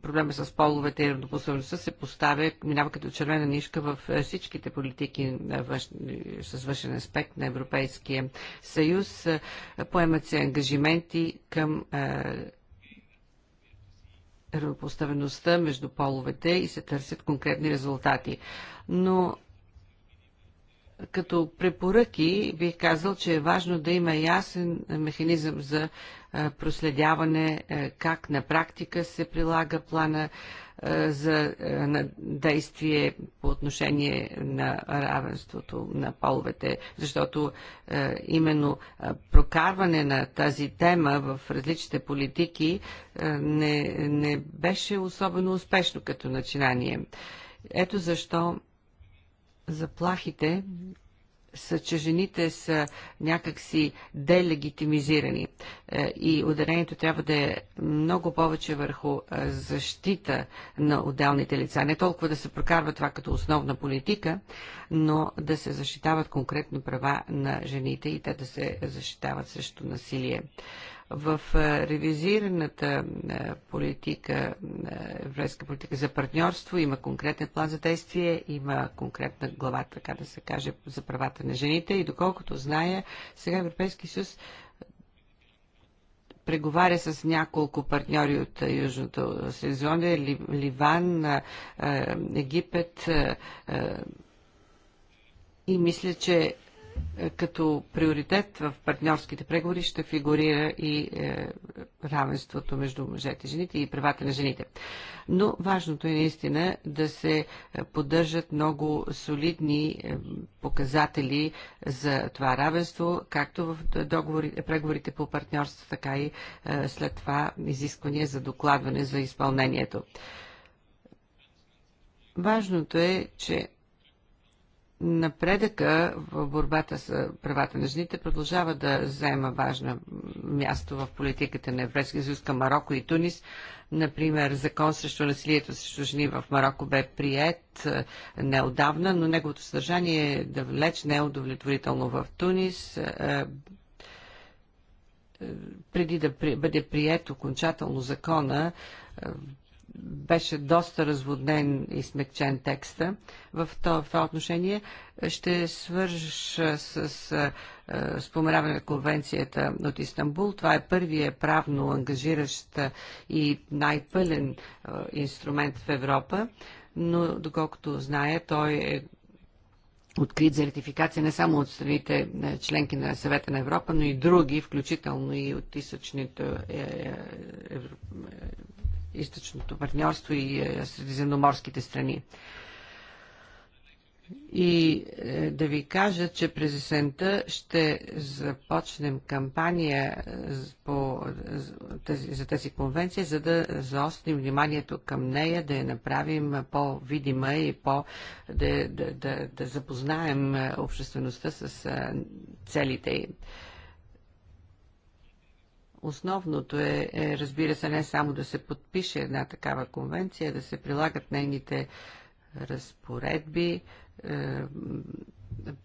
проблема с половете и равнопоставеността се поставя, минава като червена нишка в всичките политики с външен аспект на Европейския съюз. Е, поемат се ангажименти към равнопоставеността между половете и се търсят конкретни резултати. Но като препоръки бих казал, че е важно да има ясен механизъм за проследяване как на практика се прилага плана за на действие по отношение на равенството на половете, защото именно прокарване на тази тема в различните политики не, не беше особено успешно като начинание. Ето защо заплахите са, че жените са някакси делегитимизирани е, и ударението трябва да е много повече върху е, защита на отделните лица. Не толкова да се прокарва това като основна политика, но да се защитават конкретно права на жените и те да се защитават срещу насилие. В е, ревизираната е, политика, е, европейска политика за партньорство, има конкретен план за действие, има конкретна глава, така да се каже, за правата на жените и доколкото зная, сега Европейски съюз преговаря с няколко партньори от Южното Средиземноморие, Ливан, Египет и мисля, че е, като приоритет в партньорските преговори ще фигурира и е, равенството между мъжете и жените и правата на жените. Но важното е наистина да се е, поддържат много солидни е, показатели за това равенство, както в преговорите по партньорство, така и е, след това изисквания за докладване за изпълнението. Важното е, че Напредъка в борбата с правата на жените продължава да заема важно място в политиката на Европейския съюз към Марокко и Тунис. Например, закон срещу насилието срещу жени в Марокко бе прият е, неодавна, но неговото съдържание е далеч не удовлетворително в Тунис. Е, е, преди да бъде прият окончателно закона, беше доста разводнен и смекчен текста в това отношение. Ще свържа с, с споменаване на конвенцията от Истанбул. Това е първият правно ангажиращ и най-пълен инструмент в Европа, но доколкото знае, той е открит за ратификация не само от страните членки на съвета на Европа, но и други, включително и от източните е, е, е, източното партньорство и е, средиземноморските страни. И е, да ви кажа, че през есента ще започнем кампания е, по, тази, за тази конвенция, за да заострим вниманието към нея, да я направим по-видима и по, да, да, да, да запознаем обществеността с целите им. Основното е, е, разбира се, не само да се подпише една такава конвенция, да се прилагат нейните разпоредби, е,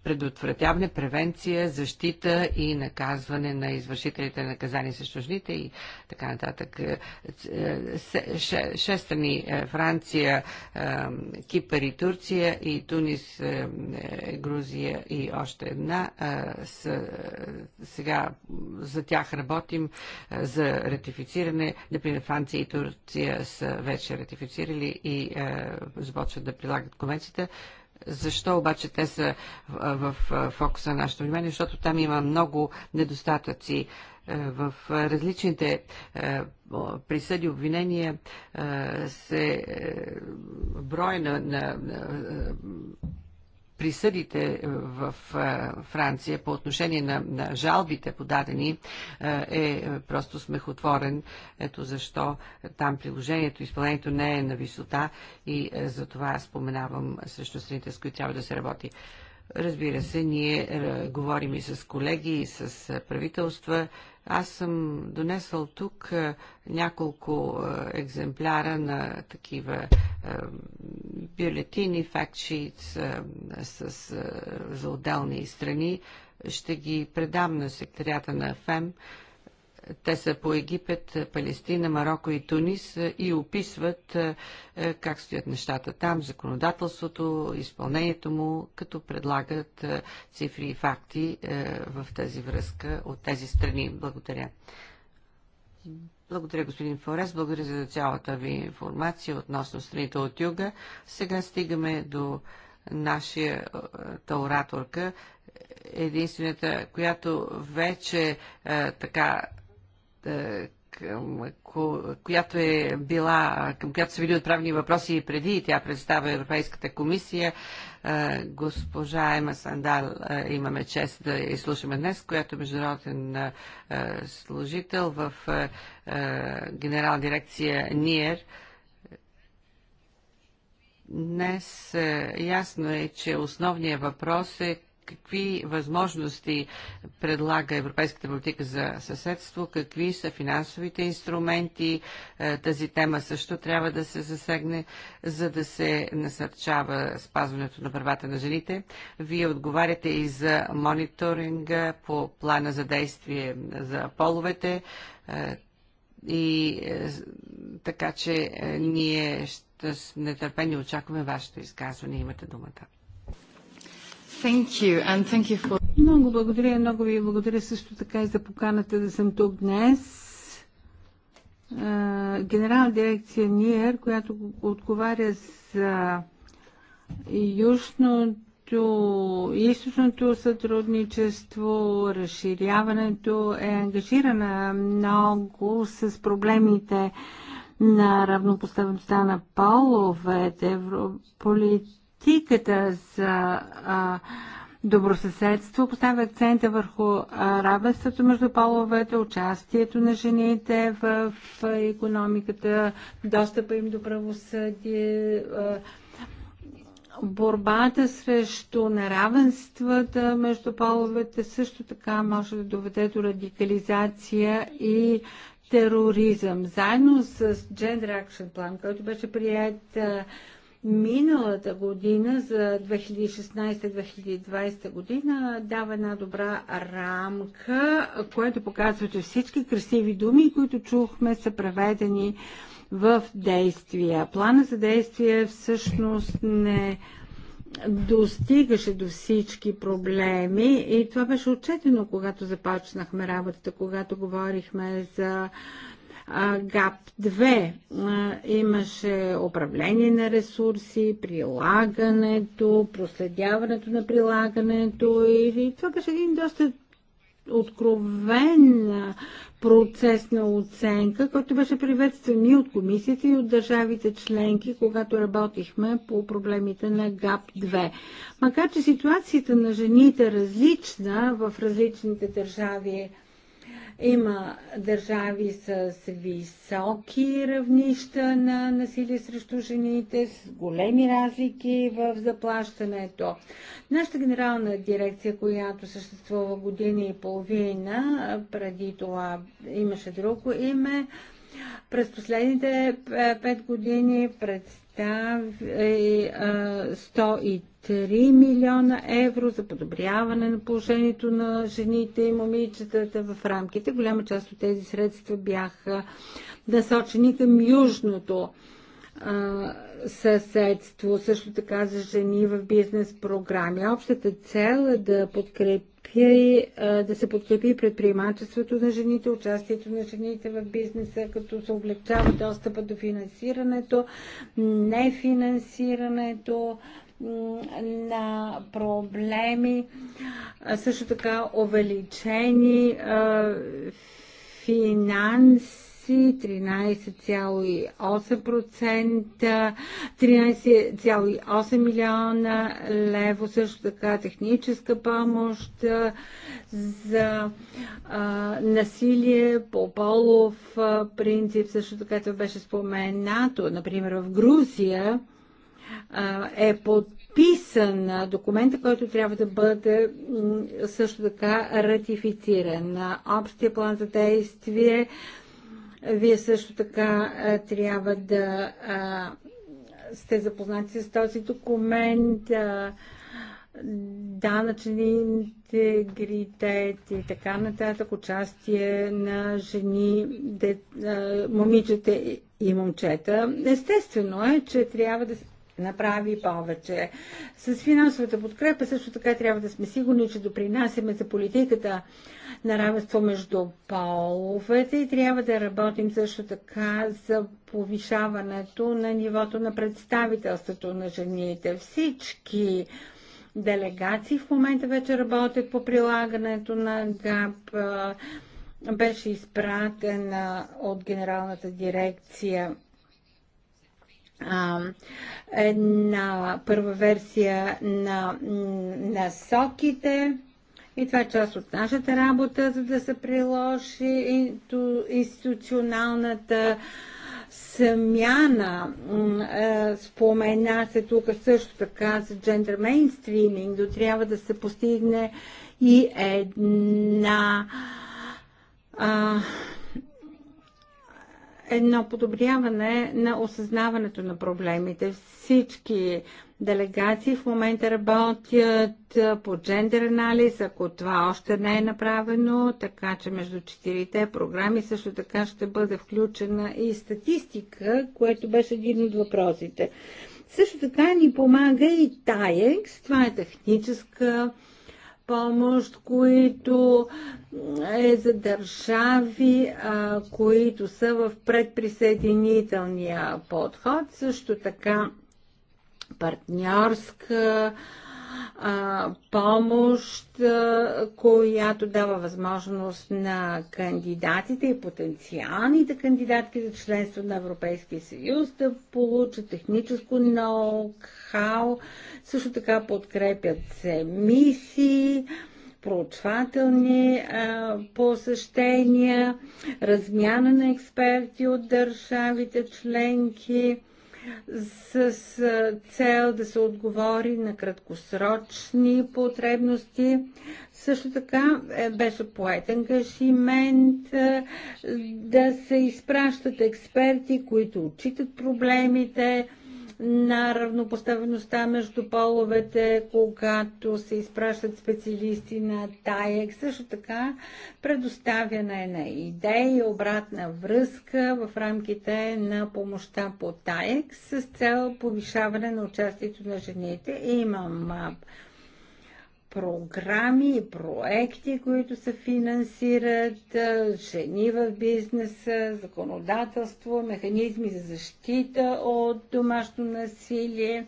предотвратяване, превенция, защита и наказване на извършителите на наказания срещу жените и така нататък. Е, шест страни е, Франция, е, Кипър и Турция и Тунис, Грузия и още една. Сега за тях работим за ратифициране. Например, Франция и Турция са вече ратифицирали и започват да прилагат конвенцията. Защо обаче те са в фокуса на нашето внимание? Защото там има много недостатъци в различните присъди обвинения се е, броя на, на, на присъдите е, в е, Франция по отношение на, на жалбите подадени е, е просто смехотворен. Ето защо там приложението, изпълнението не е на висота и за това споменавам срещу страните, с които трябва да се работи. Разбира се, ние е, говорим и с колеги, и с е, правителства. Аз съм донесъл тук е, няколко екземпляра на такива бюлетини, фактшитс за отделни страни. Ще ги предам на секретарята на ФЕМ. Те са по Египет, Палестина, Марокко и Тунис е, и описват е, е, как стоят нещата там, законодателството, изпълнението му, като предлагат цифри и факти в тази връзка от тези страни. Благодаря. Благодаря, господин Форес. Благодаря за цялата ви информация относно страните от юга. Сега стигаме до нашия ораторка, единствената, която вече е, така е, към която е била, към която са били отправени въпроси и преди, и тя представя Европейската комисия. Е, госпожа Ема Сандал е, имаме чест да изслушаме днес, която е международен служител в генерална дирекция НИЕР. Днес ясно е, че основният въпрос е какви възможности предлага европейската политика за съседство, какви са финансовите инструменти. Е, тази тема също трябва да се засегне, за да се насърчава спазването на правата на жените. Вие отговаряте и за мониторинга по плана за действие за половете. Е, и е, така че ние ще с нетърпение очакваме вашето изказване. Имате думата.
Thank you and thank you for... Много благодаря, много ви благодаря също така и за поканата да съм тук днес. Генерална дирекция НИЕР, която отговаря за южното източното сътрудничество, разширяването е ангажирана много с проблемите на равнопоставеността на половете. Европолит политиката за а, добросъседство поставя акцента върху равенството между половете, участието на жените в, в економиката, достъпа им до правосъдие, борбата срещу неравенствата между половете също така може да доведе до радикализация и тероризъм. Заедно с Gender Action Plan, който беше прият миналата година за 2016-2020 година дава една добра рамка, което показва, че всички красиви думи, които чухме, са преведени в действия. Плана за действие всъщност не достигаше до всички проблеми и това беше отчетено, когато започнахме работата, когато говорихме за ГАП-2 имаше управление на ресурси, прилагането, проследяването на прилагането и, и това беше един доста откровен процес на оценка, който беше приветстван и от комисията и от държавите членки, когато работихме по проблемите на ГАП-2. Макар, че ситуацията на жените е различна в различните държави има държави с високи равнища на насилие срещу жените, с големи разлики в заплащането. Нашата генерална дирекция, която съществува година и половина, преди това имаше друго име, през последните 5 години представи 103 3 милиона евро за подобряване на положението на жените и момичетата в рамките. Голяма част от тези средства бяха насочени към южното съседство, също така за жени в бизнес програми. Общата цел е да подкрепи, да се подкрепи предприемачеството на жените, участието на жените в бизнеса, като се облегчава достъпа до финансирането, нефинансирането, на проблеми, също така увеличени финанси 13,8%, 13,8 милиона лево, също така техническа помощ за а, насилие по полов принцип, също така това беше споменато, например в Грузия е подписан документа, който трябва да бъде също така ратифициран. Общия план за действие вие също така трябва да сте запознати с този документ, данъчен интегритет и така нататък, участие на жени, де, момичета и момчета. Естествено е, че трябва да се направи повече. С финансовата подкрепа също така трябва да сме сигурни, че допринасяме за политиката на равенство между половете и трябва да работим също така за повишаването на нивото на представителството на жените. Всички делегации в момента вече работят по прилагането на ГАП. Беше изпратена от Генералната дирекция една първа версия на насоките. И това е част от нашата работа, за да се приложи институционалната смяна. Е, спомена се тук също така за джендър мейнстриминг, до трябва да се постигне и една а, едно подобряване на осъзнаването на проблемите. Всички делегации в момента работят по джендер анализ, ако това още не е направено, така че между четирите програми също така ще бъде включена и статистика, което беше един от въпросите. Също така ни помага и TAEX, това е техническа помощ, които е за държави, които са в предприсъединителния подход. Също така партньорска помощ, която дава възможност на кандидатите и потенциалните кандидатки за членство на Европейския съюз да получат техническо ноу-хау също така подкрепят се мисии, проучвателни посещения, размяна на експерти от държавите членки с цел да се отговори на краткосрочни потребности. Също така е, беше поет ангажимент да се изпращат експерти, които отчитат проблемите, на равнопоставеността между половете, когато се изпращат специалисти на ТАЕК. Също така предоставяне на идеи, обратна връзка в рамките на помощта по ТАЕК с цел повишаване на участието на жените. Имам програми и проекти, които се финансират, жени в бизнеса, законодателство, механизми за защита от домашно насилие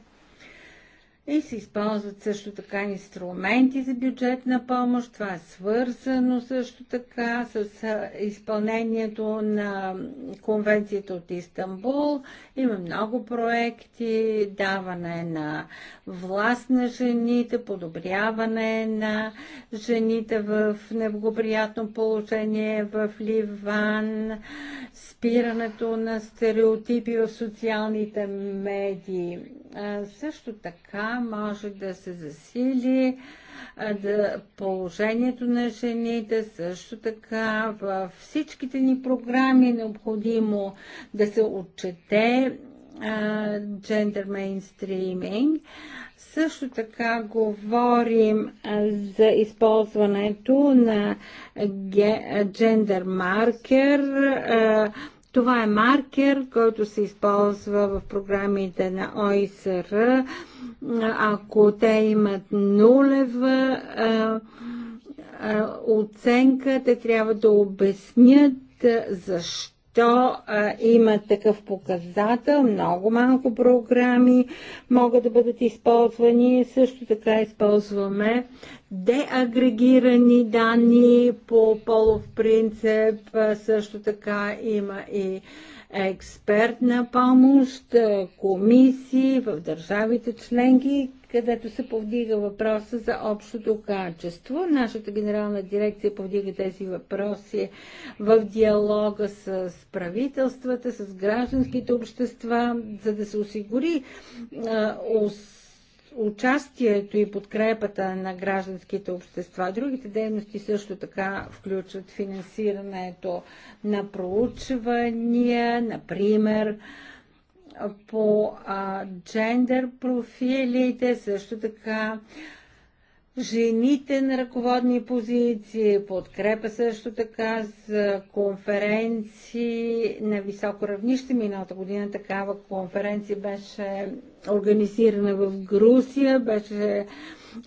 и се използват също така инструменти за бюджетна помощ. Това е свързано също така с изпълнението на конвенцията от Истанбул. Има много проекти, даване на власт на жените, подобряване на жените в неблагоприятно положение в Ливан, спирането на стереотипи в социалните медии. Също така може да се засили да, положението на жените, също така във всичките ни програми е необходимо да се отчете джендър мейнстриминг. Също така говорим за използването на джендър маркер, това е маркер, който се използва в програмите на ОИСР. Ако те имат нулева а, а, оценка, те трябва да обяснят защо то а, има такъв показател, много малко програми могат да бъдат използвани. Също така използваме деагрегирани данни по полов принцип. също така има и експертна помощ, комисии в държавите членки, където се повдига въпроса за общото качество. Нашата генерална дирекция повдига тези въпроси в диалога с правителствата, с гражданските общества, за да се осигури участието и подкрепата на гражданските общества. Другите дейности също така включват финансирането на проучвания, например, по а, джендър профилите, също така жените на ръководни позиции, подкрепа също така за конференции на високо равнище. Миналата година такава конференция беше организирана в Грузия, беше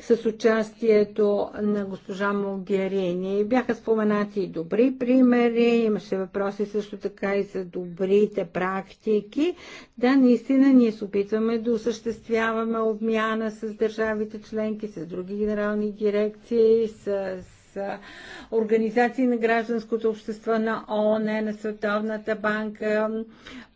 с участието на госпожа Могерини. Бяха споменати и добри примери, имаше въпроси също така и за добрите практики. Да, наистина ние се опитваме да осъществяваме обмяна с държавите членки, с други генерални дирекции, с организации на гражданското общество на ООН, на Световната банка,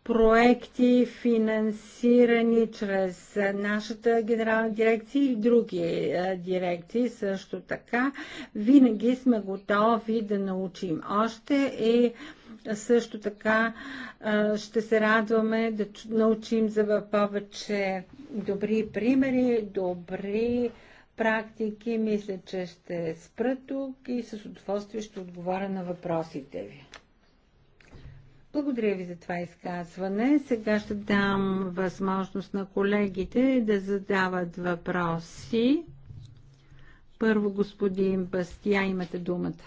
проекти, финансирани чрез нашата генерална дирекция и други е, дирекции също така. Винаги сме готови да научим още и е, също така е, ще се радваме да научим за повече добри примери, добри практики. Мисля, че ще спра тук и с удоволствие ще отговоря на въпросите ви. Благодаря ви за това изказване. Сега ще дам възможност на колегите да задават въпроси. Първо, господин Бастия, имате думата.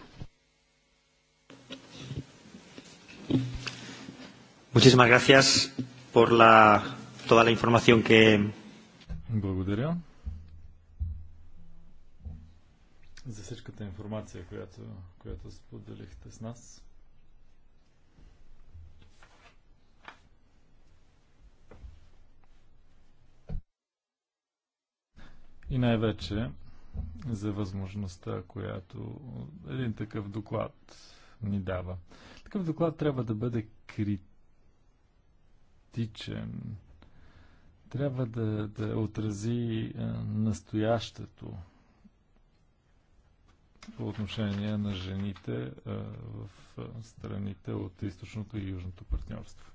Muchísimas gracias por la, toda la información que... Благодаря за всичката информация, която, която споделихте с нас. И най-вече за възможността, която един такъв доклад ни дава. Такъв доклад трябва да бъде критичен. Трябва да, да отрази е, настоящето по отношение на жените е, в е, страните от източното и южното партньорство.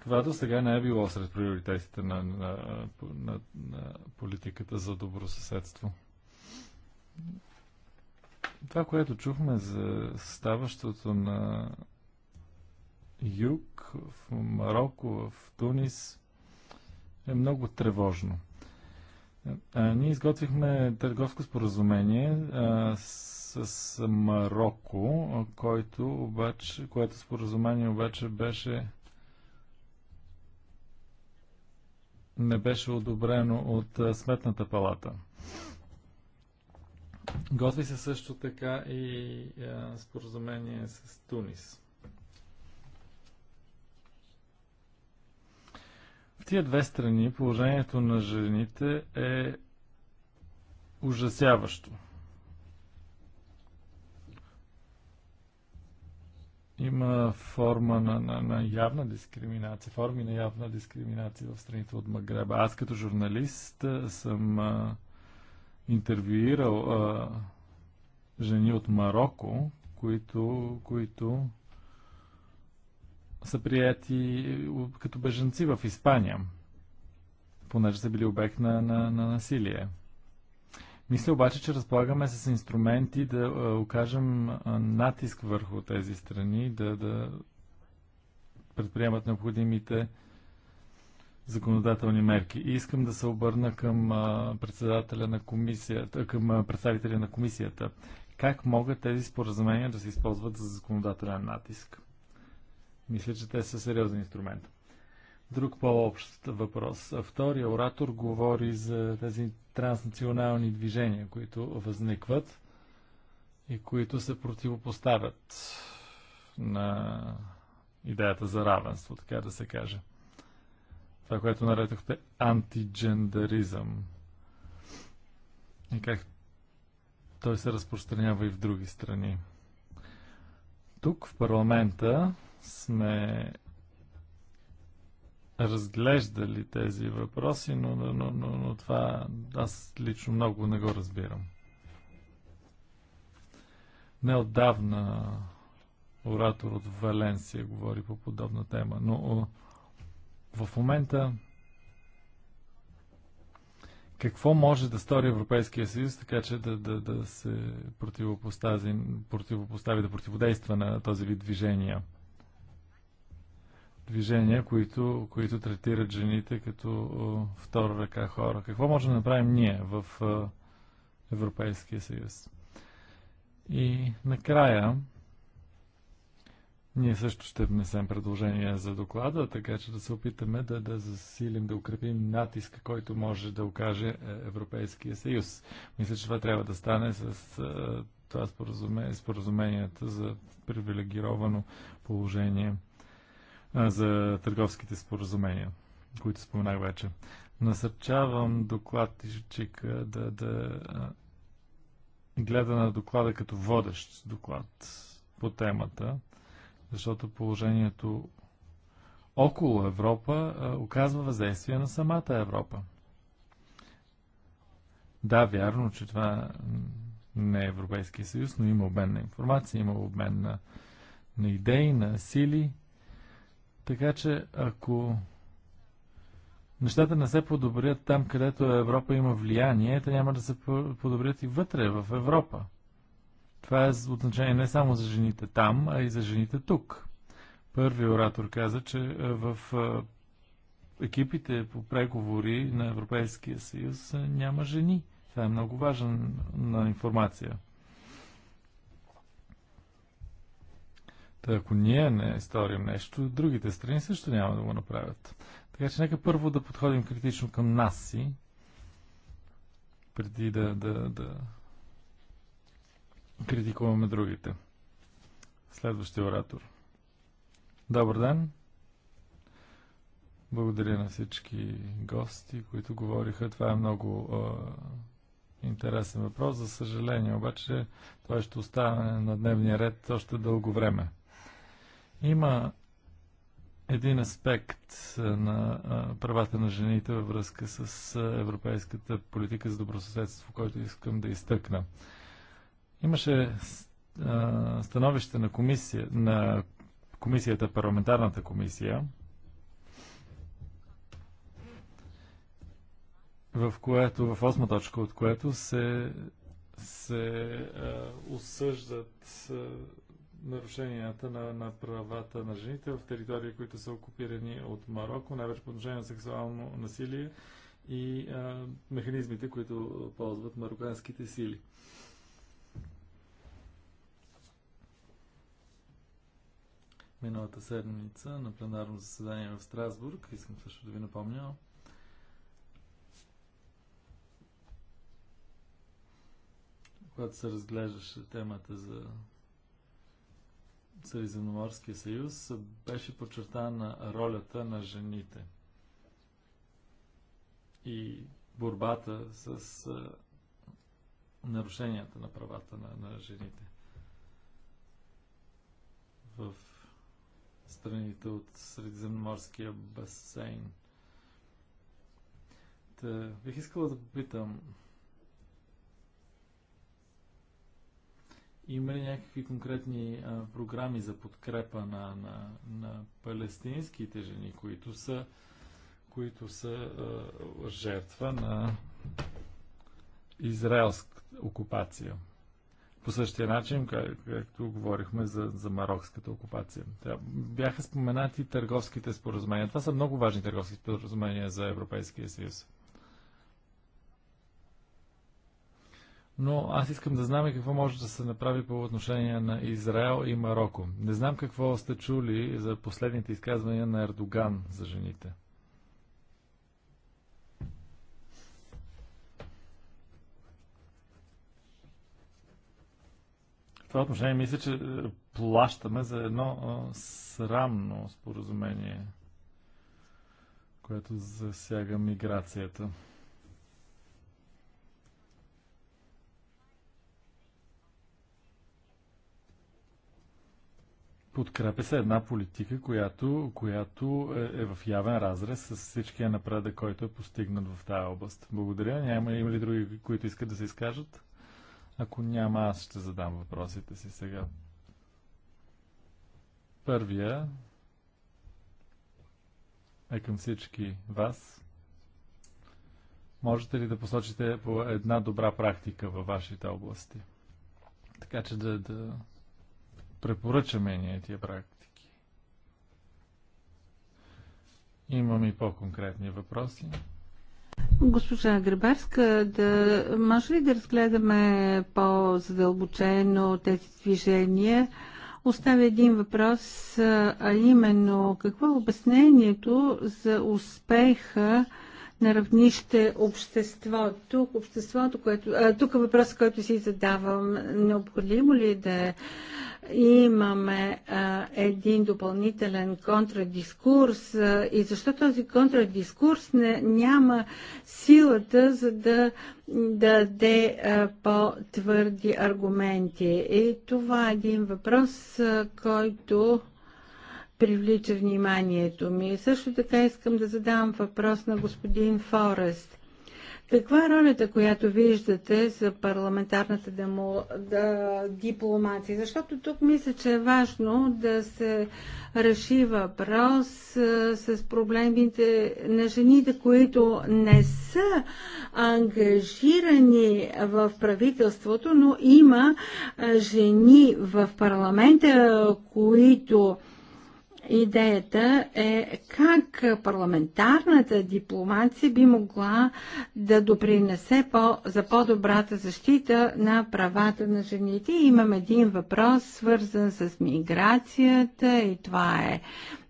Това до сега не е било сред приоритетите на, на, на, на политиката за добросъседство. Това, което чухме за ставащото на юг, в Марокко, в Тунис е много тревожно. А, ние изготвихме търговско споразумение а, с, Марокко, който обаче, което споразумение обаче беше не беше одобрено от а, Сметната палата. Готви се също така и а, споразумение с Тунис. В тия две страни положението на жените е ужасяващо. Има форма на, на, на явна дискриминация, форми на явна дискриминация в страните от Магреба. Аз като журналист съм а, интервюирал а, жени от Марокко, които, които са прияти е, като бежанци в Испания, понеже са били обект на, на, на насилие. Мисля обаче, че разполагаме с инструменти да е, окажем е, натиск върху тези страни, да, да предприемат необходимите законодателни мерки. И искам да се обърна към председателя на комисията, към представителя на комисията. Как могат тези споразумения да се използват за законодателен натиск? Мисля, че те са сериозен инструмент. Друг по-общ въпрос. Втория оратор говори за тези транснационални движения, които възникват и които се противопоставят на идеята за равенство, така да се каже. Това, което наредохте антиджендаризъм. И как той се разпространява и в други страни. Тук в парламента сме разглеждали тези въпроси, но, но, но, но, но това аз лично много не го разбирам. Неотдавна оратор от Валенсия говори по подобна тема, но в момента какво може да стори Европейския съюз, така че да, да, да се противопостави, противопостави, да противодейства на този вид движения? движения, които, които третират жените като втора ръка хора. Какво можем да направим ние в Европейския съюз? И накрая, ние също ще внесем предложения за доклада, така че да се опитаме да, да засилим, да укрепим натиска, който може да окаже е, Европейския съюз. Мисля, че това трябва да стане с е, това споразумение, за привилегировано положение за търговските споразумения, които споменах вече. Насърчавам докладчика да, да гледа на доклада като водещ доклад по темата, защото положението около Европа оказва въздействие на самата Европа. Да, вярно, че това не е Европейския съюз, но има обмен на информация, има обмен на, на идеи, на сили така че ако нещата не се подобрят там, където Европа има влияние, те няма да се подобрят и вътре, в Европа. Това е от значение не само за жените там, а и за жените тук. Първи оратор каза, че е, в е, екипите по преговори на Европейския съюз е, няма жени. Това е много важна информация. Та ако ние не сторим нещо, другите страни също няма да го направят. Така че нека първо да подходим критично към нас си, преди да, да, да критикуваме другите. Следващия оратор. Добър ден! Благодаря на всички гости, които говориха. Това е много е, интересен въпрос. За съжаление, обаче, той ще остане на дневния ред още дълго време. Има един аспект на правата на жените във връзка с европейската политика за добросъседство, който искам да изтъкна. Имаше становище на, комисия, на комисията, парламентарната комисия, в което, в осма точка, от което се, се а, осъждат а, нарушенията на, на правата на жените в територии, които са окупирани от Марокко, най-вече по отношение на сексуално насилие и а, механизмите, които ползват мароканските сили. Миналата седмица на пленарно заседание в Страсбург, искам също да ви напомня, когато се разглеждаше темата за Средиземноморския съюз беше подчертана ролята на жените и борбата с а, нарушенията на правата на, на жените в страните от Средиземноморския басейн. Та, бих искала да попитам, Има ли някакви конкретни а, програми за подкрепа на, на, на палестинските жени, които са, които са а, жертва на израелска окупация? По същия начин, как, както говорихме за, за марокската окупация. Тя, бяха споменати търговските споразумения. Това са много важни търговски споразумения за Европейския съюз. но аз искам да знам и какво може да се направи по отношение на Израел и Марокко. Не знам какво сте чули за последните изказвания на Ердоган за жените. В това отношение мисля, че е, плащаме за едно е, срамно споразумение, което засяга миграцията. подкрепя се една политика, която, която е, е, в явен разрез с всичкия напредък, който е постигнат в тази област. Благодаря. Няма, има ли други, които искат да се изкажат? Ако няма, аз ще задам въпросите си сега. Първия е към всички вас. Можете ли да посочите по една добра практика във вашите области? Така че да, да препоръчаме ние тия практики. Имам и по-конкретни въпроси.
Госпожа
Гребарска, да, може ли да разгледаме по-задълбочено тези движения? Оставя един въпрос, а именно какво е обяснението за успеха на равнище общество. Тук обществото, което, а, тук е въпросът, който си задавам, необходимо ли е да имаме а, един допълнителен контрадискурс а, и защо този контрадискурс не, няма силата за да даде по-твърди аргументи. И това е един въпрос, а, който привлича вниманието ми. Също така искам да задам въпрос на господин Форест. Каква е ролята, която виждате за парламентарната демо, да, дипломация? Защото тук мисля, че е важно да се реши въпрос а, с проблемите на жените, които не са ангажирани в правителството, но има жени в парламента, които Идеята е как парламентарната дипломация би могла да допринесе по, за по-добрата защита на правата на жените. И имам един въпрос, свързан с миграцията и това е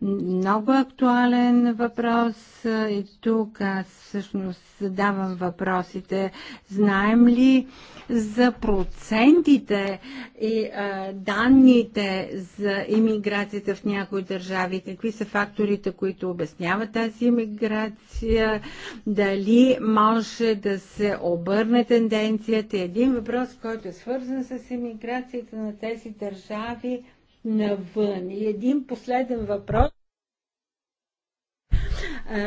много актуален въпрос и тук аз всъщност задавам въпросите. Знаем ли за процентите и а, данните за иммиграцията в някои държави? Какви са факторите, които обясняват тази иммиграция? Дали може да се обърне тенденцията? Един въпрос, който е свързан с иммиграцията на тези държави – навън. И един последен въпрос.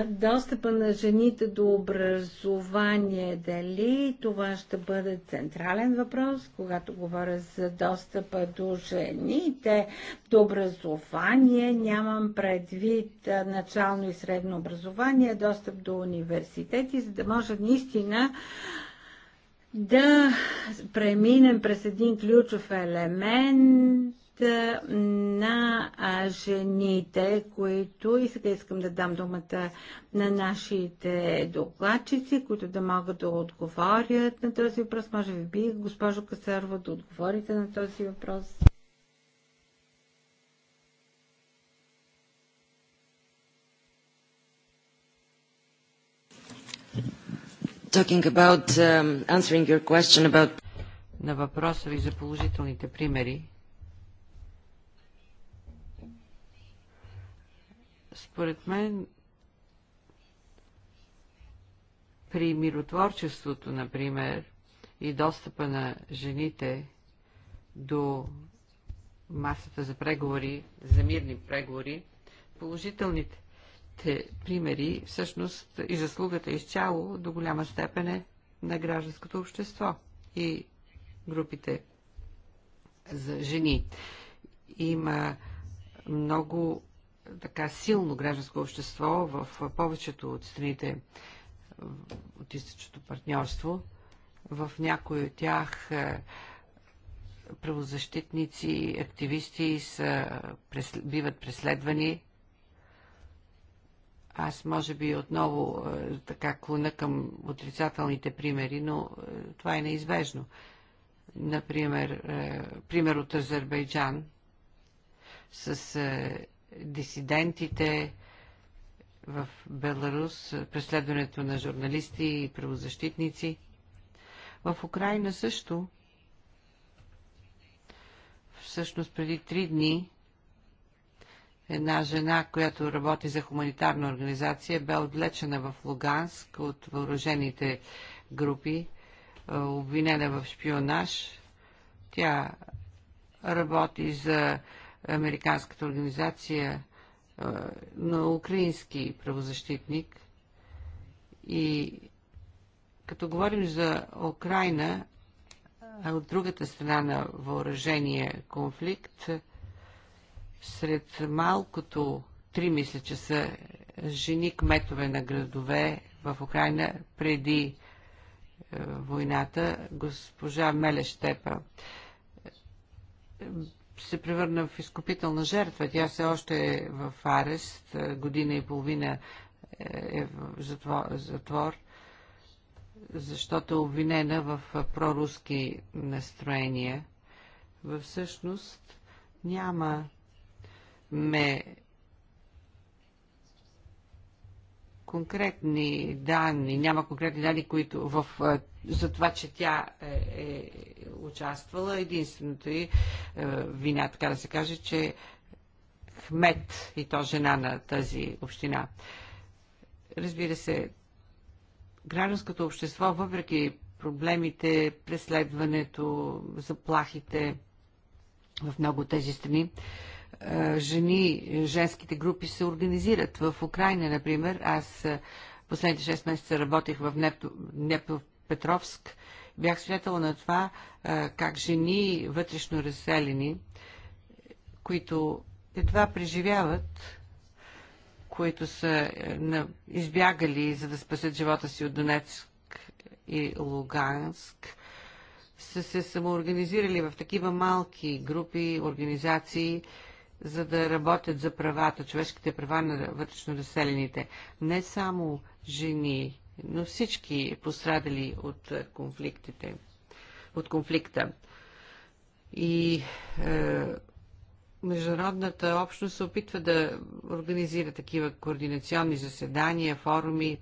Достъпа на жените до образование, дали това ще бъде централен въпрос, когато говоря за достъпа до жените, до образование, нямам предвид начално и средно образование, достъп до университети, за да може наистина да преминем през един ключов елемент на жените, които и сега искам да дам думата на нашите докладчици, които да могат да отговорят на този въпрос. Може би, госпожо Касарова, да отговорите на този въпрос.
Talking about um, answering your question about на въпроса ви за положителните примери Според мен, при миротворчеството, например, и достъпа на жените до масата за преговори, за мирни преговори, положителните примери, всъщност и заслугата изцяло до голяма степен е на гражданското общество и групите за жени. Има много така силно гражданско общество в повечето от страните от източното партньорство. В някои от тях е, правозащитници, активисти са, биват преследвани. Аз може би отново е, така клона към отрицателните примери, но е, това е неизбежно. Например, пример от Азербайджан с дисидентите в Беларус, преследването на журналисти и правозащитници. В Украина също, всъщност преди три дни, една жена, която работи за хуманитарна организация, бе отвлечена в Луганск от въоръжените групи, е, обвинена в шпионаж. Тя работи за американската организация на украински правозащитник. И като говорим за Украина, от другата страна на въоръжение конфликт, сред малкото три, мисля, че са жени кметове на градове в Украина преди е, войната, госпожа Мелештепа се превърна в изкупителна жертва. Тя все още е в арест, е, година и половина е, е в затвор, затвор защото е обвинена в е, проруски настроения. Всъщност няма ме конкретни данни, няма конкретни данни, които в, за това, че тя е, е участвала. Единственото и е, вина, така да се каже, че Хмет и то жена на тази община. Разбира се, гражданското общество, въпреки проблемите, преследването, заплахите в много тези страни, е, е, жени, е, женските групи се организират. В Украина, например, аз е, последните 6 месеца работих в Днепропетровск. Бях свидетел на това как жени вътрешно разселени, които едва преживяват, които са избягали за да спасят живота си от Донецк и Луганск, са се самоорганизирали в такива малки групи, организации, за да работят за правата, човешките права на вътрешно разселените. Не само жени, но всички пострадали от е, конфликтите, от конфликта. И е, международната общност се опитва да организира такива координационни заседания, форуми,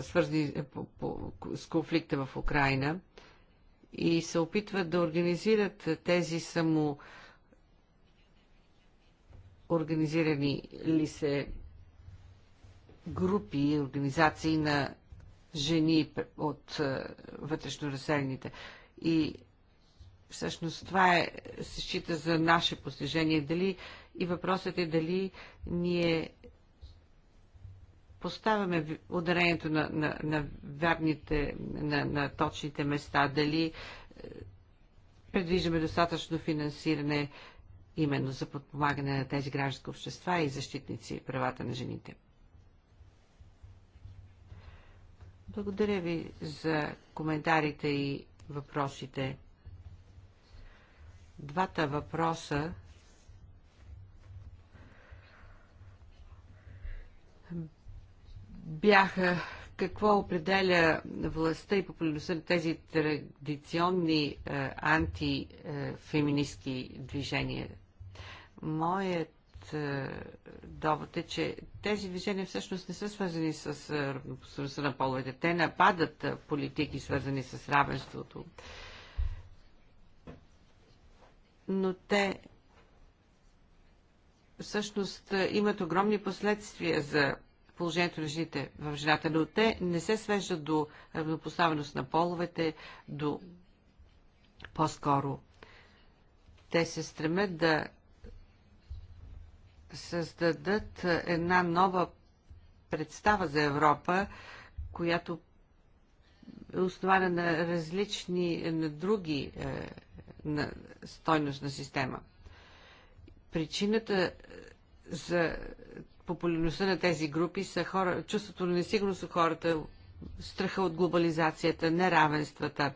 свързани е, с конфликта в Украина – и се опитват да организират тези само организирани ли се групи, организации на жени от е, вътрешно разселените. И всъщност това е, се счита за наше постижение. Дали, и въпросът е дали ние поставяме ударението на, на, на вярните, на, на точните места, дали е, предвиждаме достатъчно финансиране именно за подпомагане на тези граждански общества и защитници правата на жените. Благодаря ви за коментарите и въпросите. Двата въпроса бяха какво определя властта и популярността на тези традиционни е, антифеминистки движения. Моят е, довод е, че тези движения всъщност не са свързани с е, равнопоставеността на половете. Те нападат е, политики, свързани с равенството. Но те всъщност е, имат огромни последствия за положението на жените в жената, но те не се свеждат до равнопоставеност на половете, до по-скоро. Те се стремят да създадат една нова представа за Европа, която е основана на различни, на други е, стойност на система. Причината за популярността на тези групи са хора, чувството на несигурност у хората, страха от глобализацията, неравенствата.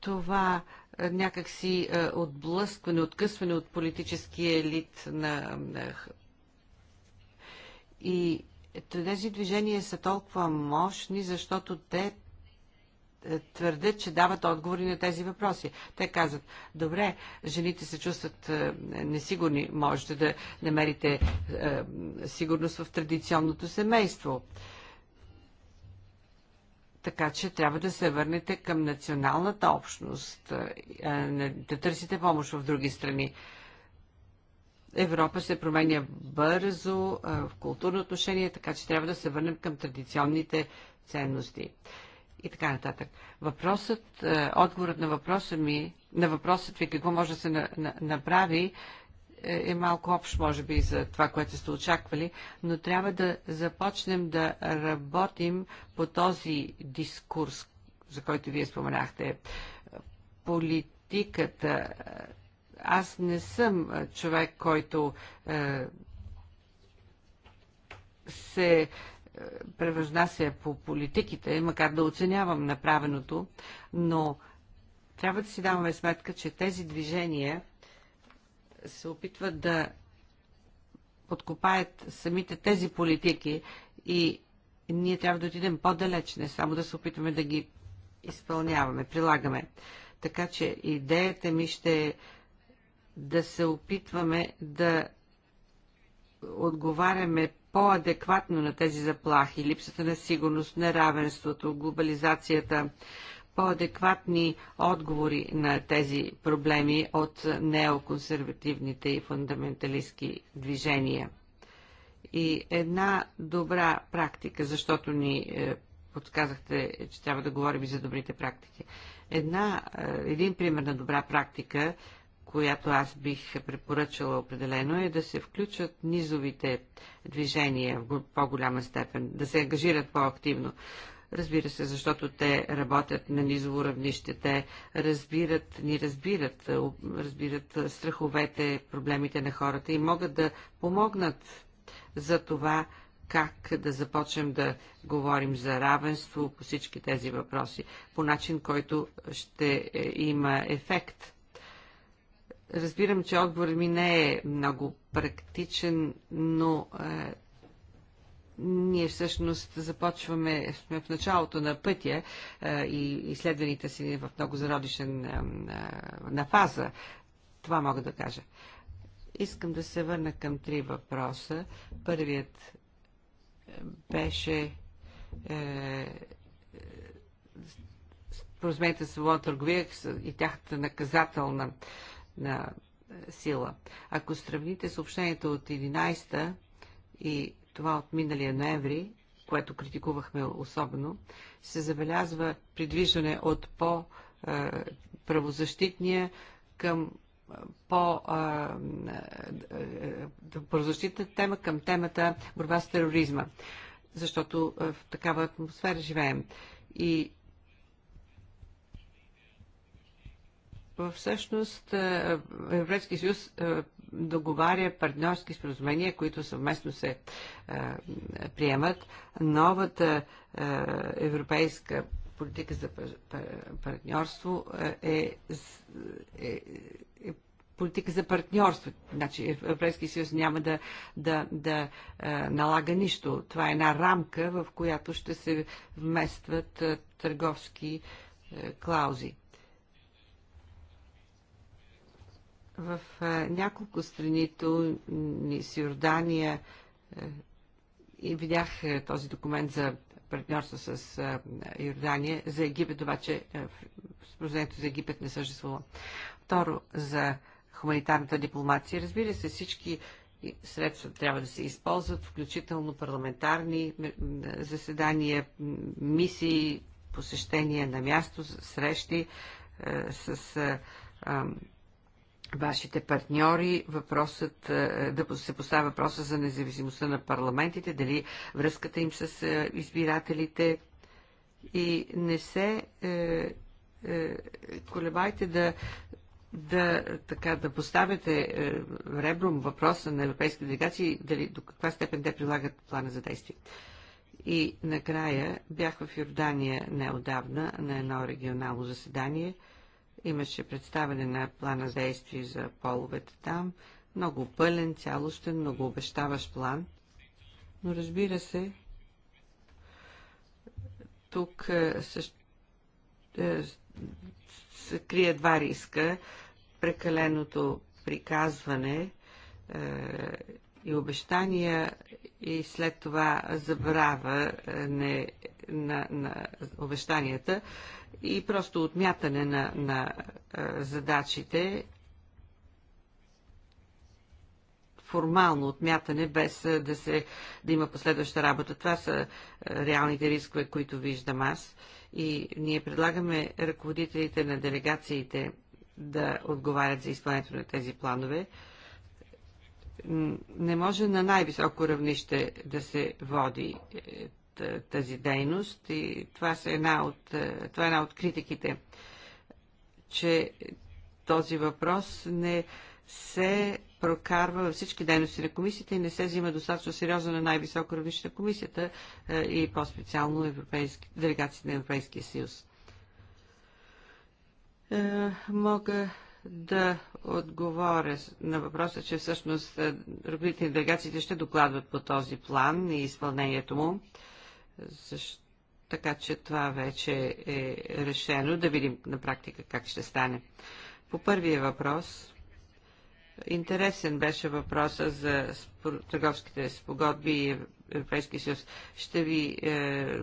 Това е, някакси е, отблъскване, откъсване от политическия елит на... И тези движения са толкова мощни, защото те твърдят, че дават отговори на тези въпроси. Те казват, добре, жените се чувстват е, несигурни, можете да намерите е, сигурност в традиционното семейство. Така че трябва да се върнете към националната общност, е, да търсите помощ в други страни. Европа се променя бързо в културно отношение, така че трябва да се върнем към традиционните ценности и така нататък. Въпросът, е, отговорът на въпроса ми, на въпросът ви какво може да се на, на, направи, е, е малко общ, може би, за това, което сте очаквали, но трябва да започнем да работим по този дискурс, за който вие споменахте. Политиката. Аз не съм човек, който е, се се по политиките, макар да оценявам направеното, но трябва да си даваме сметка, че тези движения се опитват да подкопаят самите тези политики и ние трябва да отидем по-далеч, не само да се опитваме да ги изпълняваме, прилагаме. Така че идеята ми ще е да се опитваме да отговаряме по-адекватно на тези заплахи, липсата на сигурност, неравенството, глобализацията, по-адекватни отговори на тези проблеми от неоконсервативните и фундаменталистски движения. И една добра практика, защото ни е, подсказахте, че трябва да говорим и за добрите практики. Една, е, един пример на добра практика която аз бих препоръчала определено, е да се включат низовите движения в по-голяма степен, да се ангажират по-активно. Разбира се, защото те работят на низово равнище, те разбират, ни разбират, разбират страховете, проблемите на хората и могат да помогнат за това как да започнем да говорим за равенство по всички тези въпроси, по начин, който ще е, има ефект Разбирам, че отговор ми не е много практичен, но е, ние всъщност започваме, сме в началото на пътя е, и изследваните си в много зародишен е, е на фаза. Това мога да кажа. Искам да се върна към три въпроса. Първият е, беше е, споразумението за свободна търговия и тяхната наказателна е, на е, сила. Ако сравните съобщението от 11-та и това от миналия ноември, което критикувахме особено, се забелязва придвижване от по-правозащитния е, към е, по правозащитна тема към темата борба с тероризма, защото в такава атмосфера живеем. И Всъщност е, Европейския съюз е, договаря партньорски споразумения, които съвместно се е, приемат. Новата европейска политика за партньорство е, е, е политика за партньорство. Значи Европейския съюз няма да, да, да налага нищо. Това е една рамка, в която ще се вместват търговски клаузи. В няколко страни, Тунис, Йордания, е, и видях е, този документ за партньорство с Йордания. За Египет обаче е, споразумението за Египет не съществува. Второ, за хуманитарната дипломация. Разбира се, всички средства трябва да се използват, включително парламентарни заседания, мисии, посещения на място, срещи с вашите партньори въпросът, е, да се поставя въпроса за независимостта на парламентите, дали връзката им с е, избирателите и не се е, е, колебайте да да, така, да поставяте е, ребром въпроса на европейски делегации, дали до каква степен те прилагат плана за действие. И накрая бях в Йордания неодавна на едно регионално заседание – Имаше представене на плана за действие за половете там. Много пълен, цялостен, много обещаващ план. Но разбира се, тук е, също, е, се крие два риска. Прекаленото приказване е, и обещания и след това забрава е, не, на, на обещанията и просто отмятане на, на задачите, формално отмятане, без да, се, да има последваща работа. Това са реалните рискове, които виждам аз. И ние предлагаме ръководителите на делегациите да отговарят за изпълнението на тези планове. Не може на най-високо равнище да се води е, е, тази дейност и това, са една от, е, това е една от критиките, че този въпрос не се прокарва във всички дейности на комисията и не се взима достатъчно сериозно на най-високо равнище на комисията е, и по-специално делегацията на Европейския съюз. Мога да отговоря на въпроса, че всъщност ръководителите на делегациите ще докладват по този план и изпълнението му. Защо? Така че това вече е решено. Да видим на практика как ще стане. По първия въпрос, интересен беше въпроса за търговските спогодби и Европейския съюз. Ще ви е,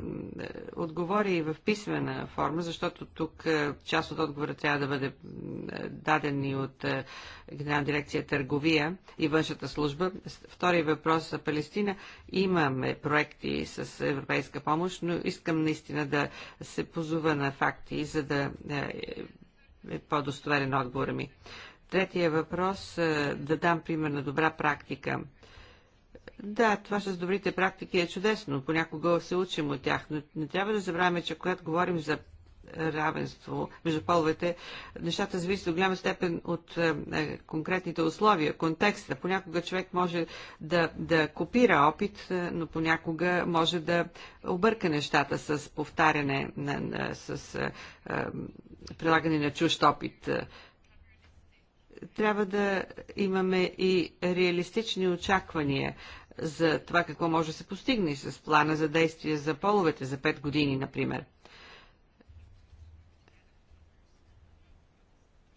отговори и в писмена форма, защото тук е, част от отговора трябва да бъде е, даден и от е, Генерална дирекция търговия и външната служба. Втори въпрос за Палестина. Имаме проекти с европейска помощ, но искам наистина да се позова на факти, за да е, е по-достоверен отговор ми. Третия въпрос е, да дам пример на добра практика да, това с добрите практики е чудесно. Понякога се учим от тях, но не трябва да забравяме, че когато говорим за равенство между половете, нещата зависят до голяма степен от е, е конкретните условия, контекста. Понякога човек може да, да копира опит, е, но понякога може да обърка нещата с повтаряне, на, на, с е, е прилагане на чужд опит. Трябва да имаме и реалистични очаквания за това какво може да се постигне с плана за действие за половете за 5 години, например.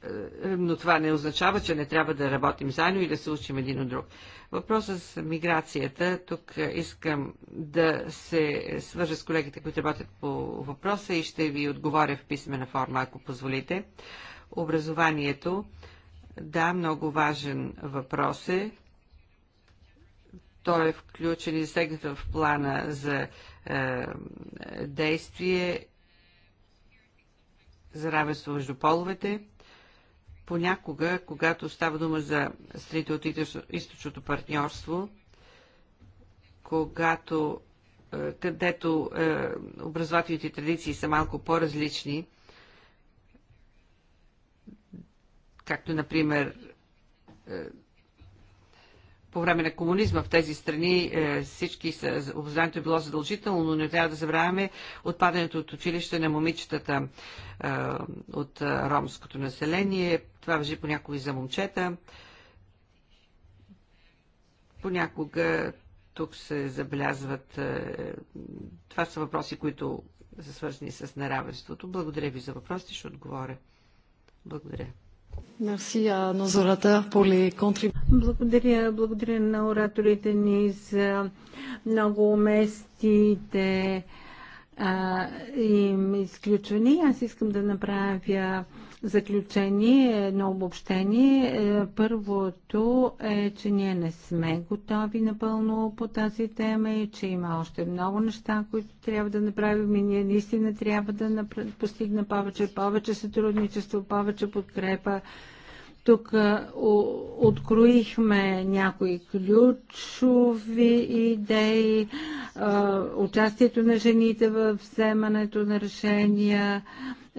Е, но това не означава, че не трябва да работим заедно и да се учим един от друг. Въпросът с миграцията, тук искам да се свържа с колегите, които работят по въпроса и ще ви отговоря в писмена форма, ако позволите. Образованието, да, много важен въпрос е той е включен и засегнат в плана за е, действие за равенство между половете. Понякога, когато става дума за страните от източното партньорство, когато, е, където е, образователните традиции са малко по-различни, както, например, е, по време на комунизма в тези страни е, всички са образованието е било задължително, но не трябва да забравяме отпадането от училище на момичетата е, от е, ромското население. Това въжи понякога и за момчета. Понякога тук се забелязват. Това са въпроси, които са свързани с неравенството. Благодаря ви за въпросите, ще отговоря. Благодаря.
Благодаря, благодаря на ораторите ни за много уместите им изключвания. Аз искам да направя заключение, едно обобщение. Е, първото е, че ние не сме готови напълно по тази тема и че има още много неща, които трябва да направим и ние наистина трябва да постигна повече, повече сътрудничество, повече подкрепа. Тук е, откроихме някои ключови идеи, е, участието на жените в вземането на решения,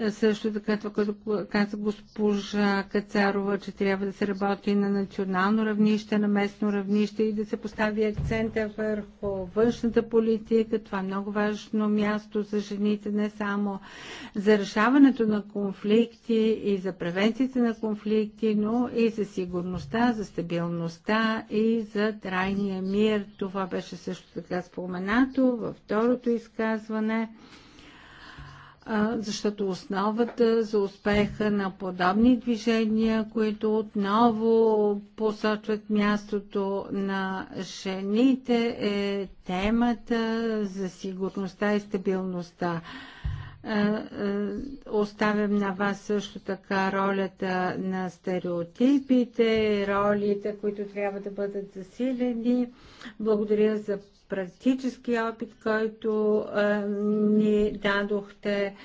е, също така това, което каза госпожа Кацарова, че трябва да се работи на национално равнище, на местно равнище и да се постави акцента върху външната политика. Това е много важно място за жените, не само за решаването на конфликти и за превенцията на конфликти, но и за сигурността, за стабилността и за трайния мир. Това беше също така споменато във второто изказване защото основата за успеха на подобни движения, които отново посочват мястото на жените, е темата за сигурността и стабилността. Оставям на вас също така ролята на стереотипите, ролите, които трябва да бъдат засилени. Благодаря за практически опит, който е, ни дадохте,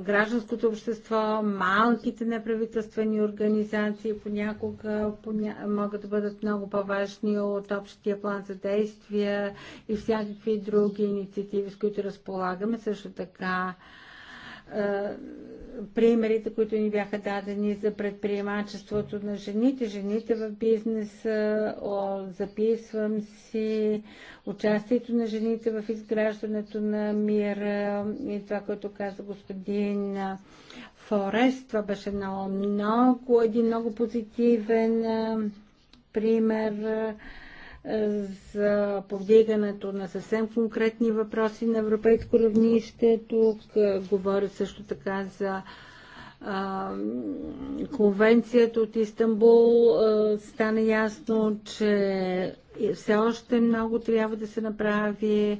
гражданското общество, малките неправителствени организации понякога поня... могат да бъдат много по-важни от общия план за действия и всякакви други инициативи, с които разполагаме. Също така, примерите, които ни бяха дадени за предприемачеството на жените, жените в бизнеса, о, записвам си участието на жените в изграждането на мира и това, което каза господин Форест, това беше много, един много позитивен пример за повдигането на съвсем конкретни въпроси на европейско равнище. Тук говоря също така за а, конвенцията от Истанбул. А, стана ясно, че все още много трябва да се направи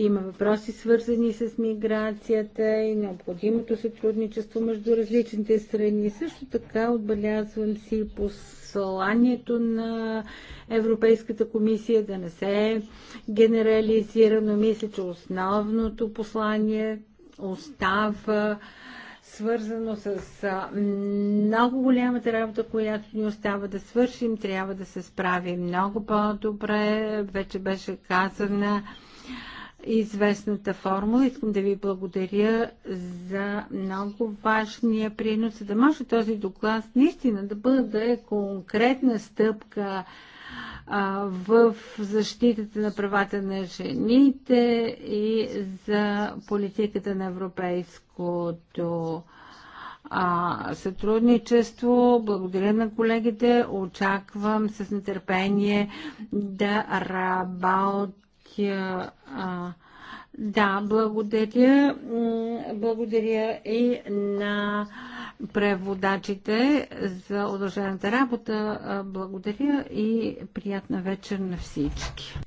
има въпроси свързани с миграцията и необходимото сътрудничество между различните страни. Също така отбелязвам си посланието на Европейската комисия да не се генерализира, но мисля, че основното послание остава свързано с много голямата работа, която ни остава да свършим. Трябва да се справи много по-добре. Вече беше казана известната формула. Искам да ви благодаря за много важния принос, за да може този доклад наистина да бъде конкретна стъпка в защитата на правата на жените и за политиката на европейското а, сътрудничество. Благодаря на колегите. Очаквам с нетърпение да работя Белгия. А, да, благодаря. Благодаря и на преводачите за удължената работа. Благодаря и приятна вечер на всички.